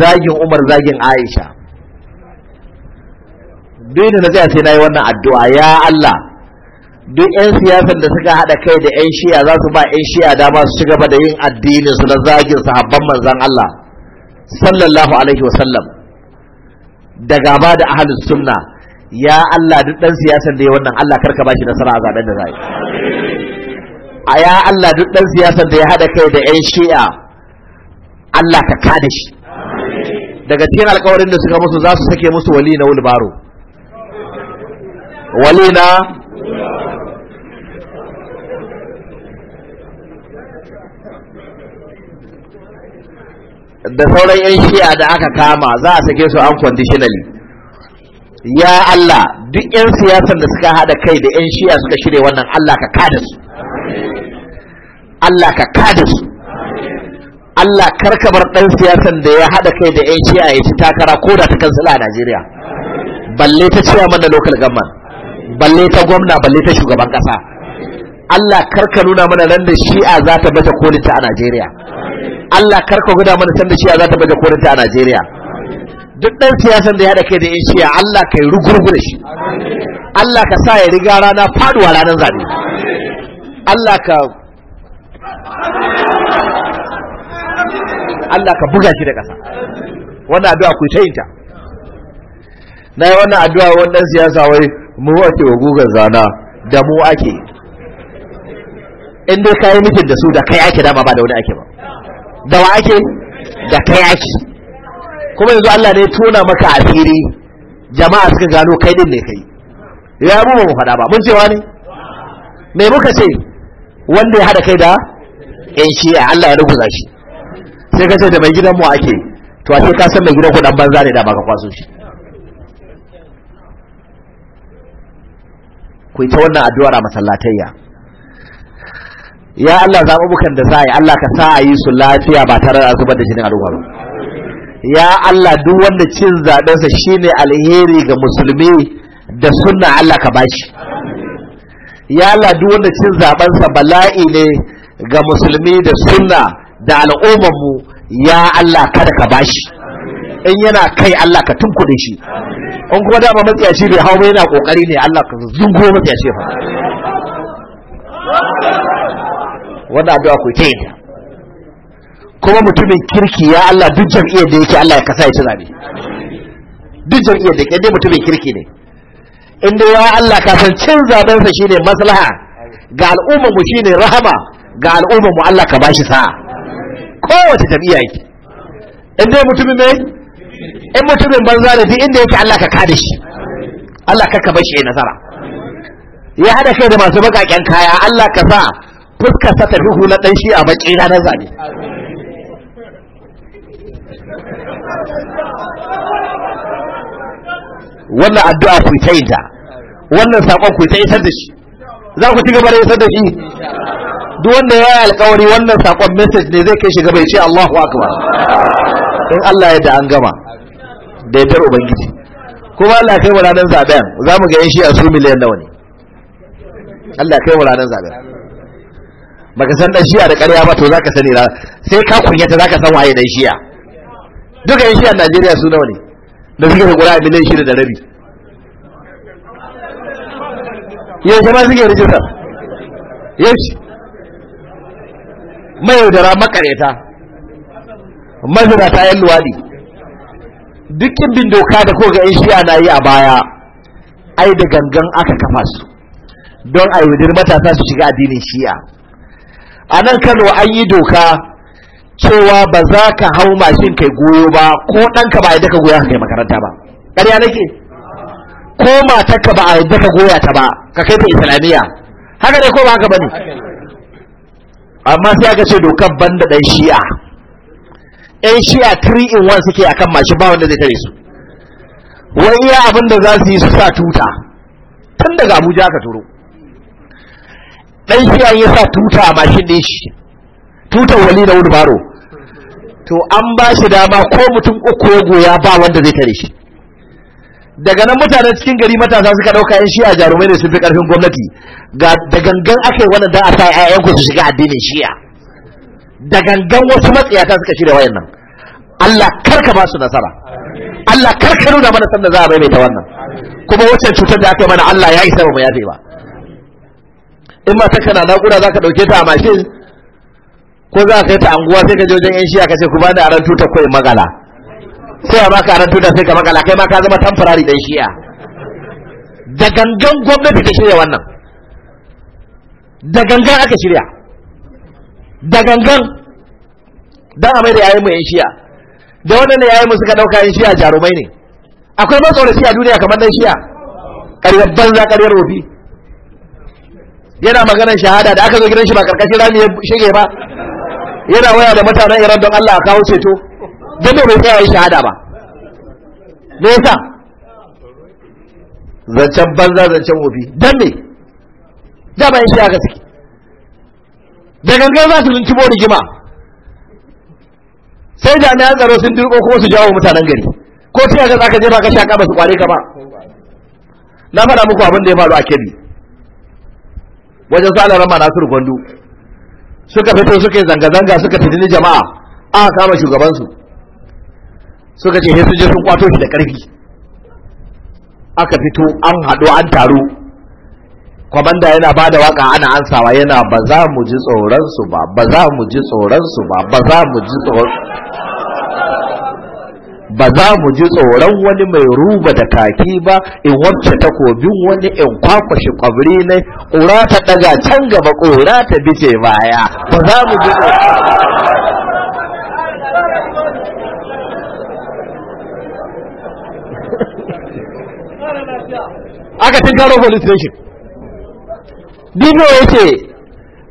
zagin Umar zagin Aisha duk da na tsaya sai nayi wannan addu'a ya Allah duk yan siyasar da suka hada kai da yan shiya za su ba yan shiya dama su cigaba da yin addinin su na zagin sahabban manzon Allah sallallahu alaihi wasallam da gaba da ahalin sunna ya Allah duk dan siyasan da ya wannan Allah karka bashi nasara a zaben da zai a ya Allah duk dan siyasan da ya haɗa kai da ƴan shi'a Allah ka kada shi daga cikin alkawarin da suka musu za su sake musu wali na wulbaro wali na da sauran 'yan shi'a da aka kama za a sake su unconditionally ya Allah duk 'yan siyasar da suka haɗa kai da 'yan shi'a suka shirya wannan Allah ka kada su Allah ka kada su Allah karkabar ɗan siyasar da ya haɗa kai da 'yan shi'a ya ci takara ko da ta kansila a Najeriya balle ta ciya mana local government balle ta gwamna balle ta shugaban ƙasa Allah karka nuna mana nan da shi'a za ta baje kolin a Najeriya Allah karka guda mana sanda shiya za ta baje korinta a Najeriya duk dan siyasan da ya haɗa kai da yan shiya Allah kai rugurgu da shi Allah ka sa ya riga rana faduwa ranar zabe Allah ka Allah ka buga shi da ƙasa wannan addu'a ku ta yinta na yi wannan addu'a wannan siyasa wai mu ake wa gugan zana da mu ake in dai kayi nufin da su da kai ake dama ba da wani ake ba da wa ake da kai kuma yanzu Allah ne tona maka asiri jama'a suka gano kai din ne kai ya mu ba mu faɗa ba mun cewa ne me muka ce wanda ya hada kai da yan shi'a Allah ya rubuta shi sai ka ce da mai gidan mu ake to a ka san mai gidan ku dan banza ne da baka kwaso shi ku yi ta wannan addu'ar a masallatayya ya Allah zaɓuɓɓukan da za a yi Allah ka sa a yi su lafiya ba tare da zubar da jinin al'umma ba ya Allah duk wanda cin zaɓensa shine alheri ga musulmi da sunna Allah ka bashi ya Allah duk wanda cin zaɓensa bala'i ne ga musulmi da sunna da al'ummarmu ya Allah kada ka bashi in yana kai Allah ka tunkuɗe shi in kuma dama matsayaci bai hau ba yana kokari ne Allah ka zungo matsayaci fa wannan addu'a ku ta yadda kuma mutumin kirki ya Allah duk jam'iyyar da yake Allah ya kasa ya ci zabe duk jam'iyyar da yake mutumin kirki ne inda ya Allah ka san cin zaben sa shine maslaha ga al'ummar mu shine rahama ga al'ummar mu Allah ka bashi sa'a kowace jam'iyya yake inda mutumin mai in mutumin banza da duk inda yake Allah ka kada shi Allah ka shi ya nasara ya hada kai da masu bakaken kaya Allah ka sa fuskarsa ta duhu na ɗan shi a baƙi na zane. wannan addu'a ku ta yi ta wannan saƙon ku ta isar da shi za ku ci gaba da isar da shi duk wanda ya yi alƙawari wannan saƙon message ne zai kai shi gaba ya ce Allahu akbar in Allah ya da an gama da ya tar ubangiji kuma Allah kai mu ranar zaben za mu ga yin shi a su miliyan nawa ne Allah kai mu ranar zaben baka san dan shiya da ƙarya ba to zaka sani na sai ka kunyata zaka san waye dan shiya. duka yan shiya Najeriya su nawa ne da suke da ƙura miliyan shida da rabi yaushe ma suke rijista mai yaudara makareta ta yan luwadi dukkan bin doka da ko ga yan na yi a baya ai da gangan aka kafa su don a matasa su shiga addinin shi'a a nan kano an yi doka cewa ba za ka hau mashin kai goyo ba ko ɗanka ba a yadda ka goya ka kai makaranta ba ƙarya nake ko matarka ba a yadda ka goya ta ba ka kai ta islamiyya haka ne ko ba haka bane amma sai aka ce dokar banda ɗan shi'a ɗan shi'a 3 in 1 suke akan mashin ba wanda zai tare su wai iya abin da za su yi su sa tuta tun daga abuja aka turo dan shi ya sa tuta a mashin din shi tutar wali da wani baro to an ba shi dama ko mutum uku ya goya ba wanda zai tare shi daga nan mutanen cikin gari matasa suka ɗauka yan a jarumai ne sun fi ƙarfin gwamnati ga da gangan aka wannan da a sa ku su shiga addinin shi da gangan wasu matsiyata suka shirya wayan nan Allah karka ba su nasara Allah karka nuna mana sanda za a maimaita wannan kuma wacce cutar da aka yi mana Allah ya isa ba mu yafe ba in ma taka na nakura za ka ɗauke ta a mashin ko za ka kai ta anguwa sai ka je wajen yan shiya ka ce ku bani aran tuta ko in magala sai a baka aran tuta sai ka magala kai ma ka zama tamfarari dan shiya da gangan gwamnati ta shirya wannan da gangan aka shirya da gangan don a mai da yayin mu yan shiya da wannan yayin mu suka ɗauka yan shiya jarumai ne akwai matsoraci a duniya kamar dan shiya karyar banza karyar wofi yana maganar shahada da aka zo gidan shi ba karkashin rami ya shige ba yana waya da mutanen Iran don Allah a kawo ceto don bai tsaya yi shahada ba me yasa zancen banza zancen obi don me ba yin shi aka ciki da gangan za su rinci bori jima sai jami'an tsaro sun dirko kuma su jawo mutanen gari ko ta yaga za ka je ba ka shaka ba su kware ka ba na faɗa muku abin da ya faru a kebbi wajen su alarama nasiru gwandu suka fito suka yi zanga-zanga suka fitini jama'a aka kama shugabansu suka ce sai sun je sun kwato shi da ƙarfi aka fito an haɗo an taru kwamanda yana ba da waka ana ansawa yana ba za mu ji tsoronsu ba ba za mu ji tsoronsu ba ba za mu ji tsoron ba za mu ji tsoron wani mai ruba da kaki ba in wabce takobin wani in kwakwashe kwabri ne ƙura ta ɗaga can gaba ƙura ta bice baya ba za mu ji aka tun karo police station dino ya ce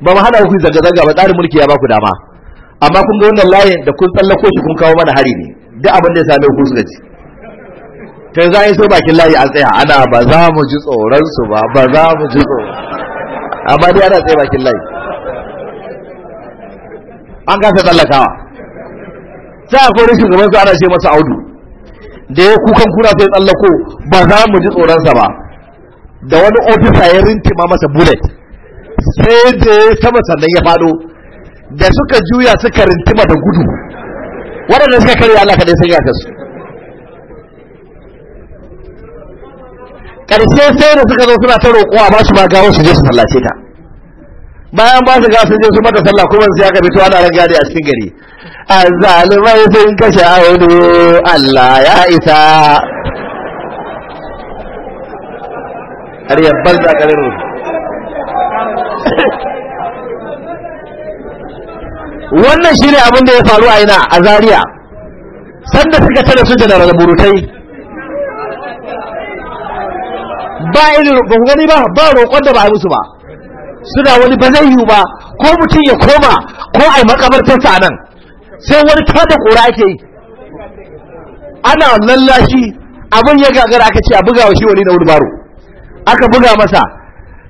ba mu hada ku zanga-zanga ba tsarin mulki ya ba ku dama amma kun ga wannan layin da kun tsallako shi kun kawo mana hari ne duk abin da ya same ku suka ci Ta za a so bakin layi a tsaya ana ba za mu ji tsoron su ba ba za mu ji tsoron amma dai ana tsaye bakin layi an kasa tsallakawa sai akwai rashin gaban su ana ce masa audu da ya kukan kuna sai tsallako ba za mu ji tsoronsa ba da wani ofisa ya rintima masa bullet sai da ya sama sannan ya fado da suka juya suka rintima da gudu waɗanda suka karya Allah kaɗai sun yaka su ƙarshe sai da suka zo suna ta roƙuwa ba su ma gawo su je su sallace ta bayan ba su gawo sun je su mata sallah kuma su ya gabe to ana ran a cikin gari azzalumai sun kashe aure Allah ya isa har bar da ƙarin wannan shi ne abinda ya faru a ina a Zariya, sanda suka tare su janar da burutai ba irin rukun gani ba ba roƙon da ba a musu ba suna wani ba zai yiwu ba ko mutum ya koma ko a yi a nan sai wani tada kura ake yi ana lallashi abin ya gagara aka ce a buga wa shi wani na wulbaro aka buga masa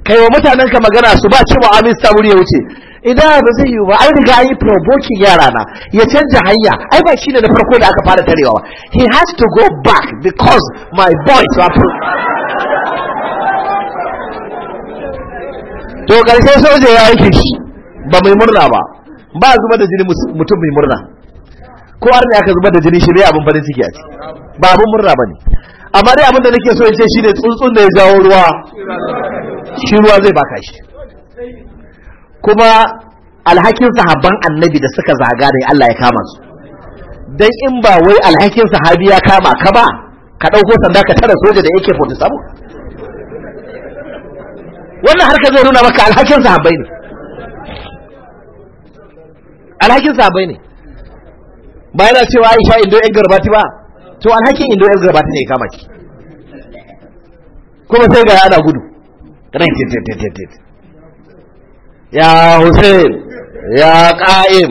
kai wa mutanen ka magana su ba ce wa amin samuri ya wuce idan ba zai yiwu ba an riga an yi yara na ya canja hanya ai ba shine na farko da aka fara tarewa ba he has to go back because my boy. To approve to karshe soja ya yi shi ba mai murna ba ba zuba da jini mutum mai murna ko har ne aka zuba da jini shi ne abin farin ciki a ci ba abin murna ba ne amma dai abin da nake so in ce shine tsuntsun da ya jawo ruwa shi ruwa zai baka shi kuma alhakin sahabban annabi da suka zaga da Allah ya kama su dan in ba wai alhakin sahabi ya kama ka ba ka ɗauko sanda ka tara soja da yake 47 wannan harka zai nuna maka alhakin sahabbai ne alhakin sahabbai ne ba yana cewa Aisha indo yan garbati ba to alhakin indo yan garbati ne ya kama ki kuma sai ga ana gudu ya hussein ya ƙa'im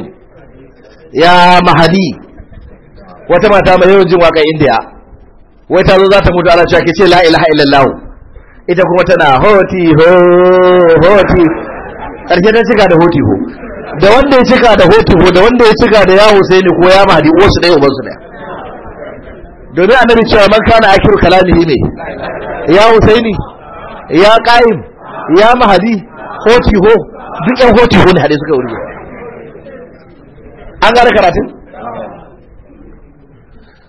ya mahadi wata mata mai yawan jin waƙar indiya wai ta zo za ta mutu ana cewa ke ce la ilaha illallah ita kuma tana hoti ho hoti ƙarshe ta cika da hoti ho da wanda ya cika da hoti ho da wanda ya cika da ya husaini ko ya mahadi wasu ɗaya su ɗaya domin annabi cewa man kana akhiru kalamihi ne ya husaini ya qaim ya mahadi hoti ho duk yan hoti hoti haɗe suka wuri an gane karatun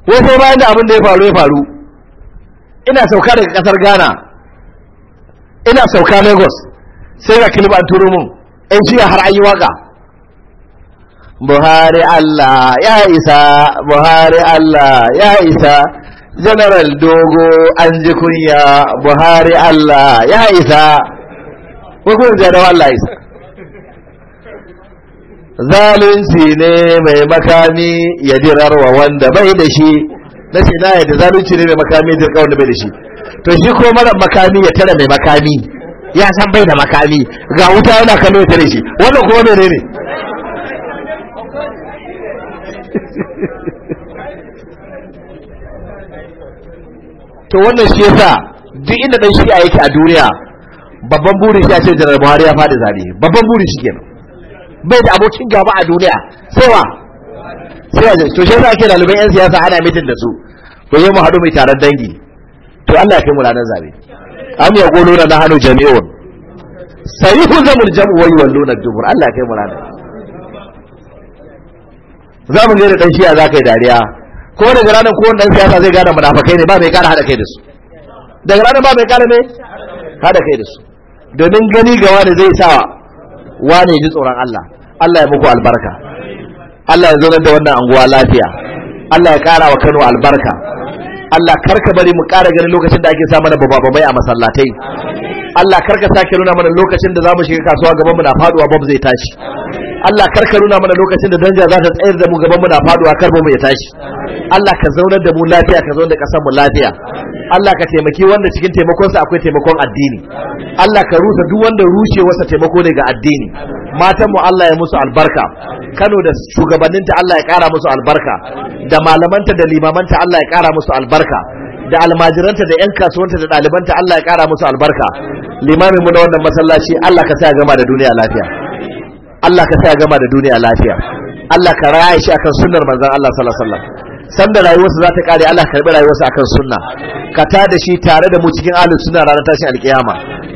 sai bayan da abin da ya faru ya faru ina sauka daga ƙasar ghana ina sauka lagos sai ga kilba an turo mun yan ya har an yi waka buhari allah ya isa buhari allah ya isa general dogo an ji kunya buhari allah ya isa ko zai da Allah isa zalunci ne mai makami ya wa wanda bai da shi na ce na yadda zalunci ne mai makami ya dirka wanda bai da shi to shi ko mara makami ya tara mai makami ya san bai da makami ga wuta yana kano ya tare shi wannan kuma mene ne to wannan shi yasa duk inda dan shi a yake a duniya babban burin shi a ce janar buhari ya faɗi zane babban burin shi kenan bai da abokin gaba a duniya sai wa sai wa to shi yasa ake ɗaliban yan siyasa ana mitin da su to zo mu haɗu mai taron dangi to Allah ya kai mu ranar zabe am ya golo na nahanu jami'un sayyihu zamul jam'u wa yuwalluna dubur Allah ya kai mu ranar za mu da dan shiya za ka yi dariya ko daga ranar ko ɗan siyasa zai gane munafakai ne ba mai kara hada kai da su daga ranar ba mai kara ne hada kai da su domin gani gawa da zai sawa wane ji tsoron Allah Allah ya muku albarka Allah ya zaunar da wannan anguwa lafiya Allah ya kara wa Kano albarka Allah karka bari mu kara ganin lokacin da ake sa mana bababai a masallatai Allah karka sake nuna mana lokacin da zamu shiga kasuwa gaban mu na faduwa babu zai tashi Allah kar ka nuna mana lokacin da danja za ta tsayar da mu gaban muna faduwa kar mu ya tashi Allah ka zaunar da mu lafiya ka zaunar da kasar mu lafiya Allah ka taimaki wanda cikin taimakonsa akwai taimakon addini Allah ka rusa duk wanda rushewarsa taimako ne ga addini matan mu Allah ya musu albarka Kano da shugabanninta Allah ya kara musu albarka da malamanta da limamanta Allah ya kara musu albarka da almajiranta da ƴan kasuwanta da ɗalibanta Allah ya ƙara musu albarka limamin mu na wannan masallaci Allah ka sa gama da duniya lafiya Allah ka sa gama da duniya lafiya Allah ka raya shi akan sunnar manzon Allah sallallahu alaihi wasallam sanda rayuwarsa za ta kare Allah karbi rayuwarsa akan sunna ka ta da shi tare da mu cikin ahlus sunna ranar tashin alkiyama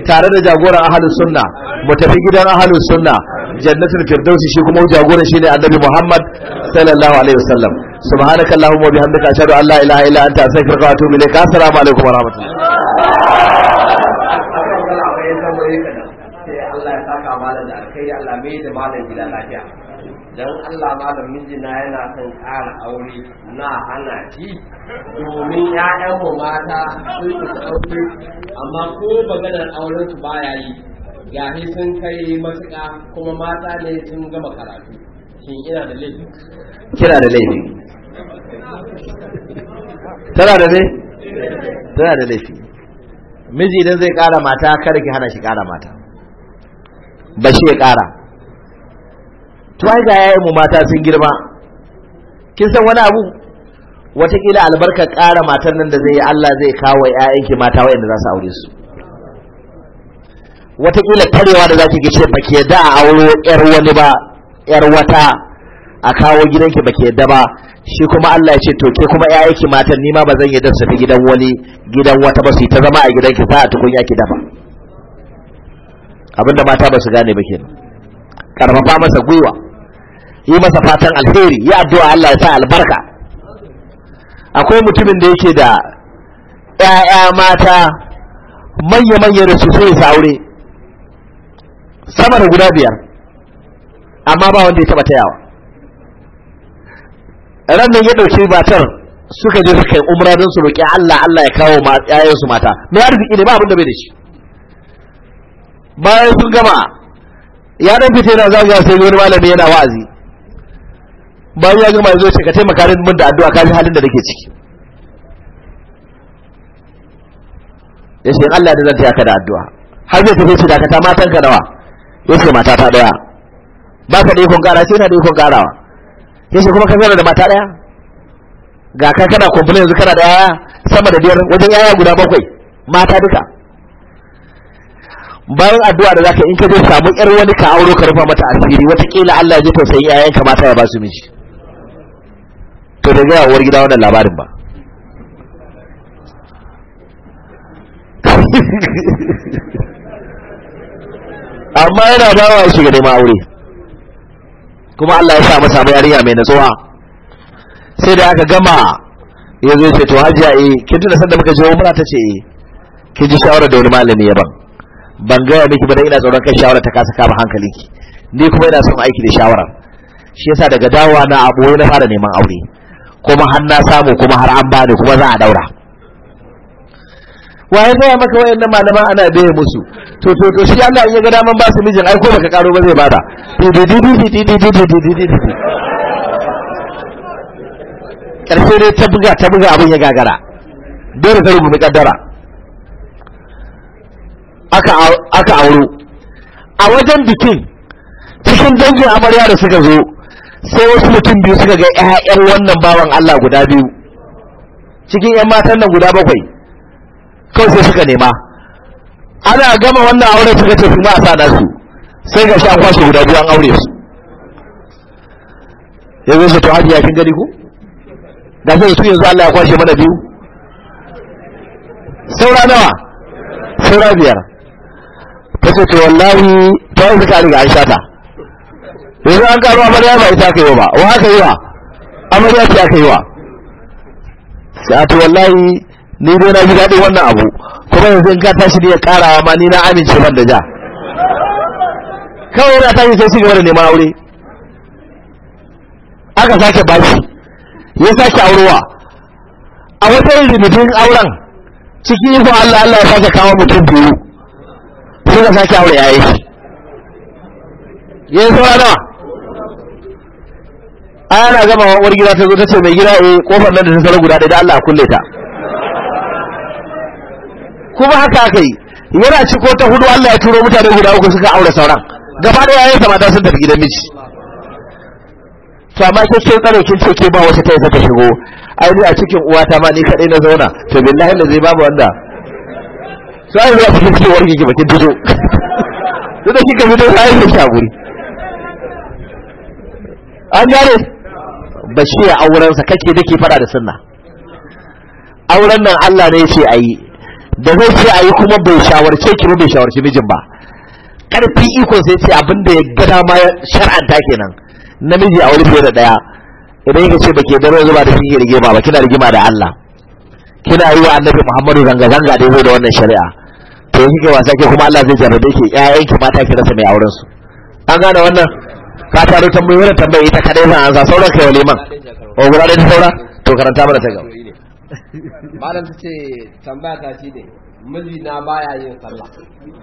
tare da jagoran ahlus sunna mu tafi gidan ahlus sunna jannatul firdausi shi kuma jagoran shi ne annabi Muhammad sallallahu alaihi wasallam subhanakallahumma wa bihamdika ashhadu an la ilaha illa anta astaghfiruka wa atubu ilaik assalamu alaikum wa rahmatullahi malam gida lafiya don Allah malam mijina yana son kara aure na hana ji domin ‘ya'yanmu mata sun isa aure amma ko maganar auren su baya yi gahi sun kai matuƙa kuma mata ne sun gama karatu shin ina da laifi kira da laifi tana da laifi tana da laifi miji idan zai kara mata kada ki hana shi kara mata ba shi ya kara to ai ga yayin mu mata sun girma kin san wani abu watakila albarka ƙara matan nan da zai yi Allah zai kawo ƴaƴanki mata wayanda za su aure su watakila tarewa da za ki ce ba ke da a auro yar wani ba yar wata a kawo gidanki ba ke da ba shi kuma Allah ya ce to ke kuma ƴaƴanki matan nima ba zan yarda su tafi gidan wani gidan wata ba su yi ta zama a gidanki ta a tukunya ki dafa abinda mata ba su gane ba kenan karfafa masa gwiwa yi masa fatan alheri yi addu'a Allah ya sa albarka akwai mutumin da yake da ƴaƴa mata manya-manya da su sai ya aure sama da guda biyar amma ba wanda ya taɓa tayawa rannan ya ɗauke matar suka je suka yi umra don su roƙi Allah Allah ya kawo ƴaƴansu mata mai arziki ne ba abin da bai da shi bayan sun gama ya dan fice na zaga sai wani malami yana wa'azi bayan ya gama zo ce ka taimaka mun da addu'a kaji halin da nake ciki ya ce Allah da zan taya ka da addu'a har zai tafi ce dakata matan ka nawa ya ce mata ta daya ba ka da ikon kara sai na da ikon karawa ya ce kuma ka zana da mata daya ga ka kana kumfulin yanzu kana da yaya sama da biyar wajen yaya guda bakwai mata duka bayan addu'a da zaka in ka je samu yar wani ka auro ka rufa mata asiri watakila Allah ya ji tausayin yayanka mata ya ba su miji to da ga uwar gida wannan labarin ba amma yana bawa shi ga neman aure kuma Allah ya sa masa mai yarinya mai natsuwa sai da aka gama ya zo ce to hajiya eh kin tuna sanda muka je muna ta ce eh kin ji shawara da wani malami ya ban ban gaya miki ba dan ina tsoron kai shawara ta kasa kama hankalinki ni kuma ina son aiki da shawara shi yasa daga dawowa na aboye na fara neman aure kuma har na samu kuma har an bani kuma za a daura wa ya gaya maka wayannan malaman ana biye musu to to to shi Allah ya ga daman ba su mijin ai ko baka karo ba zai bada Karfe ne ta buga ta buga abin ya gagara dole ta rubuta kaddara aka auro a wajen bikin cikin dangin amarya da suka zo sai wasu mutum biyu suka ga 'ya'yan wannan bawan Allah guda biyu cikin 'yan matan nan guda bakwai kawai sai suka nema ana gama wannan auren suka ce kuma a sa da su sai ga shi an kwashe guda biyu an aure su yanzu su to ya kin gani ku da sai su yanzu Allah ya kwashe mana biyu saura nawa saura biyar ta ce to wallahi ta yanzu ta riga aisha ta yanzu an kama amarya ba ita aka ba wa aka yi wa amarya ce aka wa sai to wallahi ni dai na ji daɗin wannan abu kuma yanzu in ka tashi ne ya ƙara ma ni na amince ban da ja kawai yana tashi sai cigaba da neman aure aka sake shi ya sake aurewa a wata mutum auren ciki ko Allah Allah ya sake kawo mutum biyu sai ka sake aure yayi yayi saura nawa ai ana gama uwar gida ta zo ta ce mai gida eh kofar nan da ta sarar guda ɗaya da Allah kulle ta kuma haka aka yi yana ko ta hudu Allah ya turo mutane guda uku suka aure sauran gaba da yayin sa mata sun tafi gidan miji to amma sai kin tsare kin ce ke ba wata ta isa ta shigo ai ni a cikin uwata ma ni kadai na zauna to billahi da zai babu wanda sai ya fi cewa ki bakin duk da kika fito sai ya shaguri an gane bashi ya aurensa kake dake fada da sunna auren nan Allah ne yace ayi da zai ce ayi kuma bai shawarce ki ba bai shawarce mijin ba karfi iko sai ce abinda ya gada ma ta kenan namiji a wani fiye da daya idan yake ce ba ke dare zuba da kike rigima ba kina rigima da Allah kina yi wa annabi Muhammadu zanga zanga dai da wannan shari'a to kike wasa ke kuma Allah zai jarrabe ki ƴaƴan ki mata ki rasa mai auren su an gane wannan ka taro tambayi tambayi ita kadai an ansa sauran kai waliman o guda dai saura to karanta mana ta gaba malam tace tambaya ta shi ne miji na baya yin sallah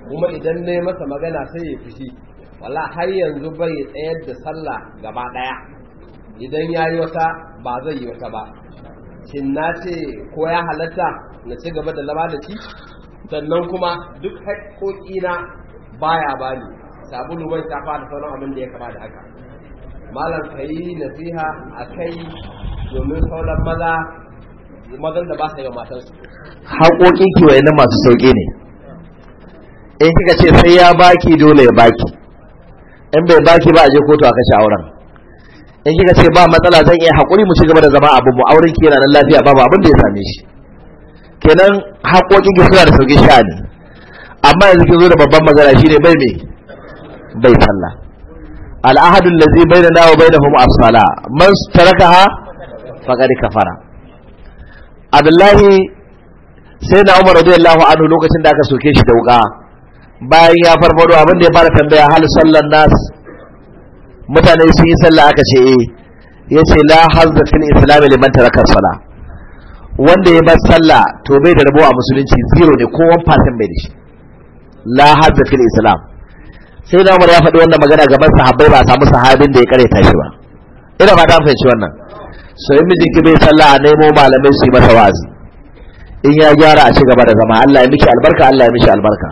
kuma idan ne masa magana sai ya fushi wala har yanzu bai tsayar da sallah gaba daya idan yayi wata ba zai yi wata ba shin na ce ko ya halatta na ci gaba da laba da ci sannan kuma duk haƙoƙina baya bani sabulu man ta fara sauran abin da ya kama da haka malam ka yi nasiha a kai domin sauran maza mazan da ba sa yi matansu haƙoƙin kiwaye na masu sauƙi ne in kika ce sai ya baki dole ya baki in bai baki ba a je kotu a kashe auren in kika ce ba matsala zan iya haƙuri mu ci gaba da zama abin mu auren ki yana nan lafiya babu abin da ya same shi kenan haƙoƙin ki suna da sauƙi sha'ani amma yanzu kin zo da babban magana shine bai me bai sallah al'ahadul ladzi bainana wa bainahum as-sala man tarakaha faqad kafara Abdullahi sai na Umar radiyallahu anhu lokacin da aka soke shi da wuka bayan ya farfado abin da ya fara tambaya hal sallan nas mutane sun yi sallah aka ce eh yace la hazza fil islam liman taraka as-salah wanda ya bar sallah to bai da rabuwa a musulunci zero ne ko fasin bai da shi la hadda fil islam sai da umar ya faɗi wannan magana gaban sahabbai ba a samu sahabin da ya kare tashi ba ina ba ta fahimci wannan so in mijinki bai sallah a nemo malamai su yi masa wa'azi in ya gyara a ci gaba da zama Allah ya miki albarka Allah ya miki albarka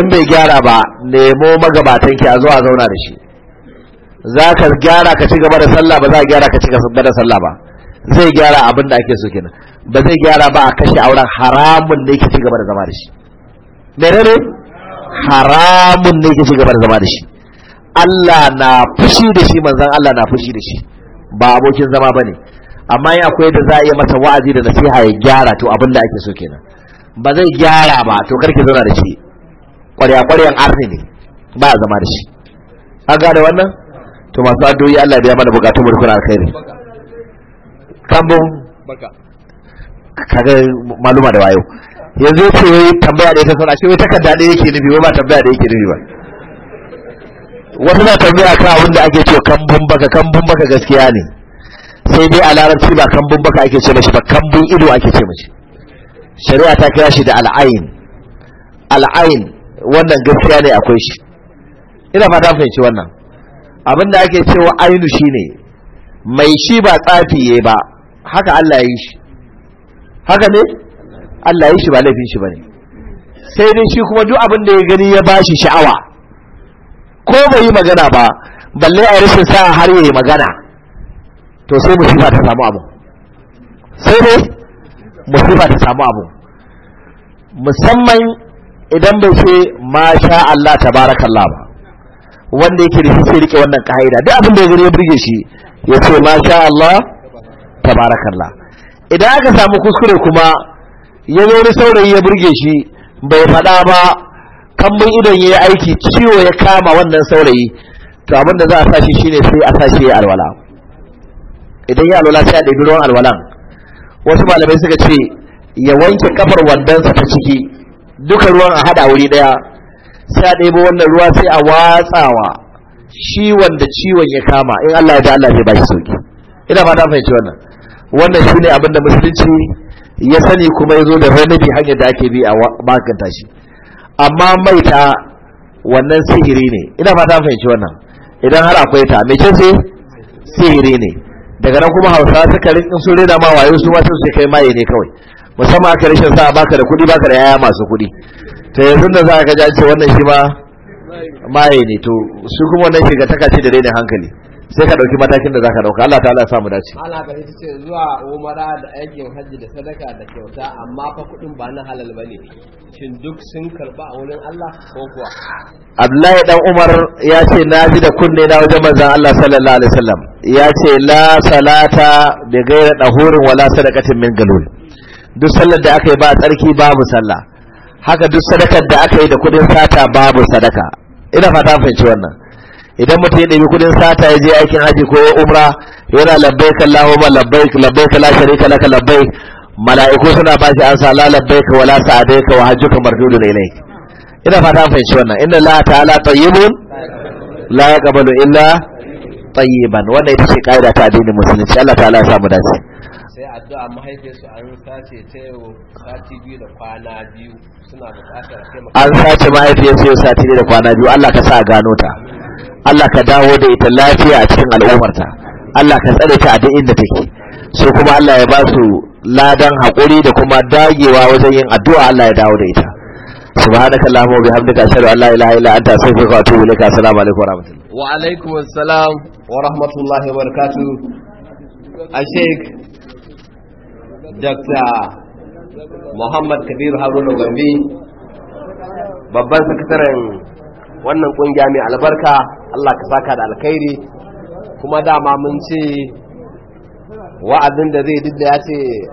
in bai gyara ba nemo magabatan ki a zo a zauna da shi za ka gyara ka ci gaba da sallah ba za ka gyara ka ci gaba da sallah ba zai gyara abin da ake so kenan ba zai gyara ba a kashe auren haramun ne yake gaba da zama da shi menene haramun ne yake gaba da zama da shi Allah na fushi da shi manzon Allah na fushi da shi ba abokin zama bane amma in akwai da za a yi masa wa'azi da nasiha ya gyara to abin da ake so kenan ba zai gyara ba to karki zauna da shi ƙwarya ƙwaryan arni ne ba zama da shi an gane wannan to masu addu'o'i Allah ya biya mana bukatun mu da alkhairi kambun baka kaga maluma da wayo yanzu ya ce wai tambaya da ita sana shi wai takarda da yake nufi wai ba tambaya da yake nufi ba wasu na tambaya kan abin da ake cewa kambun baka kambun baka gaskiya ne sai dai a larabci ba kambun baka ake ce mashi ba kambun ido ake ce mashi shari'a ta kira shi da al'ayin. Al'ayin wannan gaskiya ne akwai shi ina fata fahimci wannan abin da ake cewa ainu shine mai shi ba tsafi ba haka Allah ya yi shi haka ne Allah ya yi shi ba laifin shi bane sai dai shi kuma duk abin da ya gani ya bashi sha'awa ko bai yi magana ba balle a rashin sa'a har ya yi magana to sai musifa ta samu abu sai dai musifa ta samu abu musamman idan bai ce masha Allah tabarakallah ba wanda yake da shi sai rike wannan ka'ida duk abin da ya gani ya burge shi ya ce masha Allah tabarakallah idan aka samu kuskure kuma ya zo wani saurayi ya burge shi bai faɗa ba kambun idon ya yi aiki ciwo ya kama wannan saurayi to abin za a sashi shine sai a sashi ya alwala idan ya alwala sai a ɗabi ruwan alwalan wasu malamai suka ce ya wanke kafar wandonsa ta ciki duka ruwan a haɗa wuri ɗaya sai a ɗebo wannan ruwa sai a watsawa shi wanda ciwon ya kama in Allah ya da Allah zai ba shi sauki ina fata fahimci wannan wannan shi ne abinda musulunci ya sani kuma ya zo da ranabi hanyar da ake bi a makanta shi amma maita wannan sihiri ne ina fata fahimci wannan idan har akwai ta mai ce sihiri ne daga nan kuma hausa suka in sun rena ma wayo su ma sai kai maye ne kawai musamman aka rashin sa baka da kuɗi baka da yaya masu kuɗi to yanzu da za ka ji ce wannan shi ma maye ne to su kuma wannan shiga takaci da ne hankali sai ka dauki matakin da zaka dauka Allah ta'ala ya sa mu dace Allah ka ta ce zuwa umara da aikin hajji da sadaka da kyauta amma fa kudin ba na halal bane shin duk sun karba a wurin Allah ko kuwa Abdullahi dan Umar ya ce na ji da kunne na wajen manzon Allah sallallahu alaihi wasallam ya ce la salata bi ghairi dahurin wala sadaqatin min galul duk sallar da aka yi ba tsarki babu sallah haka duk sadakar da aka yi da kudin sata babu sadaka ina fata fahimci wannan idan mutum ya ɗebi kudin sata ya je aikin haji ko umra yana labbai kallahu ma labbai labbai kala sharika laka labbai mala'iku suna ba shi ansa la labbai ka wala sa'adai ka wa hajjuka mardudun ilaik ina fata an fahimci wannan inna la ta'ala tayyibun la yaqbalu illa tayyiban wannan ita ce kaida ta addinin musulunci Allah ta'ala ya samu dace sai addu'a mahaifiyarsu an sace ta yau sati biyu da kwana biyu suna bukatar taimaka an sace mahaifiyarsu yau sati biyu da kwana biyu Allah ka sa gano ta Allah ka dawo da ita lafiya a cikin al'ummarta Allah ka tsare ta a duk inda take so kuma Allah ya ba su ladan haƙuri da kuma dagewa wajen yin addu'a Allah ya dawo da ita سبحانك اللهم وبحمدك اشهد ان لا اله الا انت استغفرك واتوب اليك السلام عليكم ورحمه الله وعليكم السلام ورحمه الله وبركاته الشيخ dr muhammad kabir haruna gambi babban sakataren wannan kungiya mai albarka allah ka saka da alkhairi kuma dama mun ce wa'azin da zai duk ya ce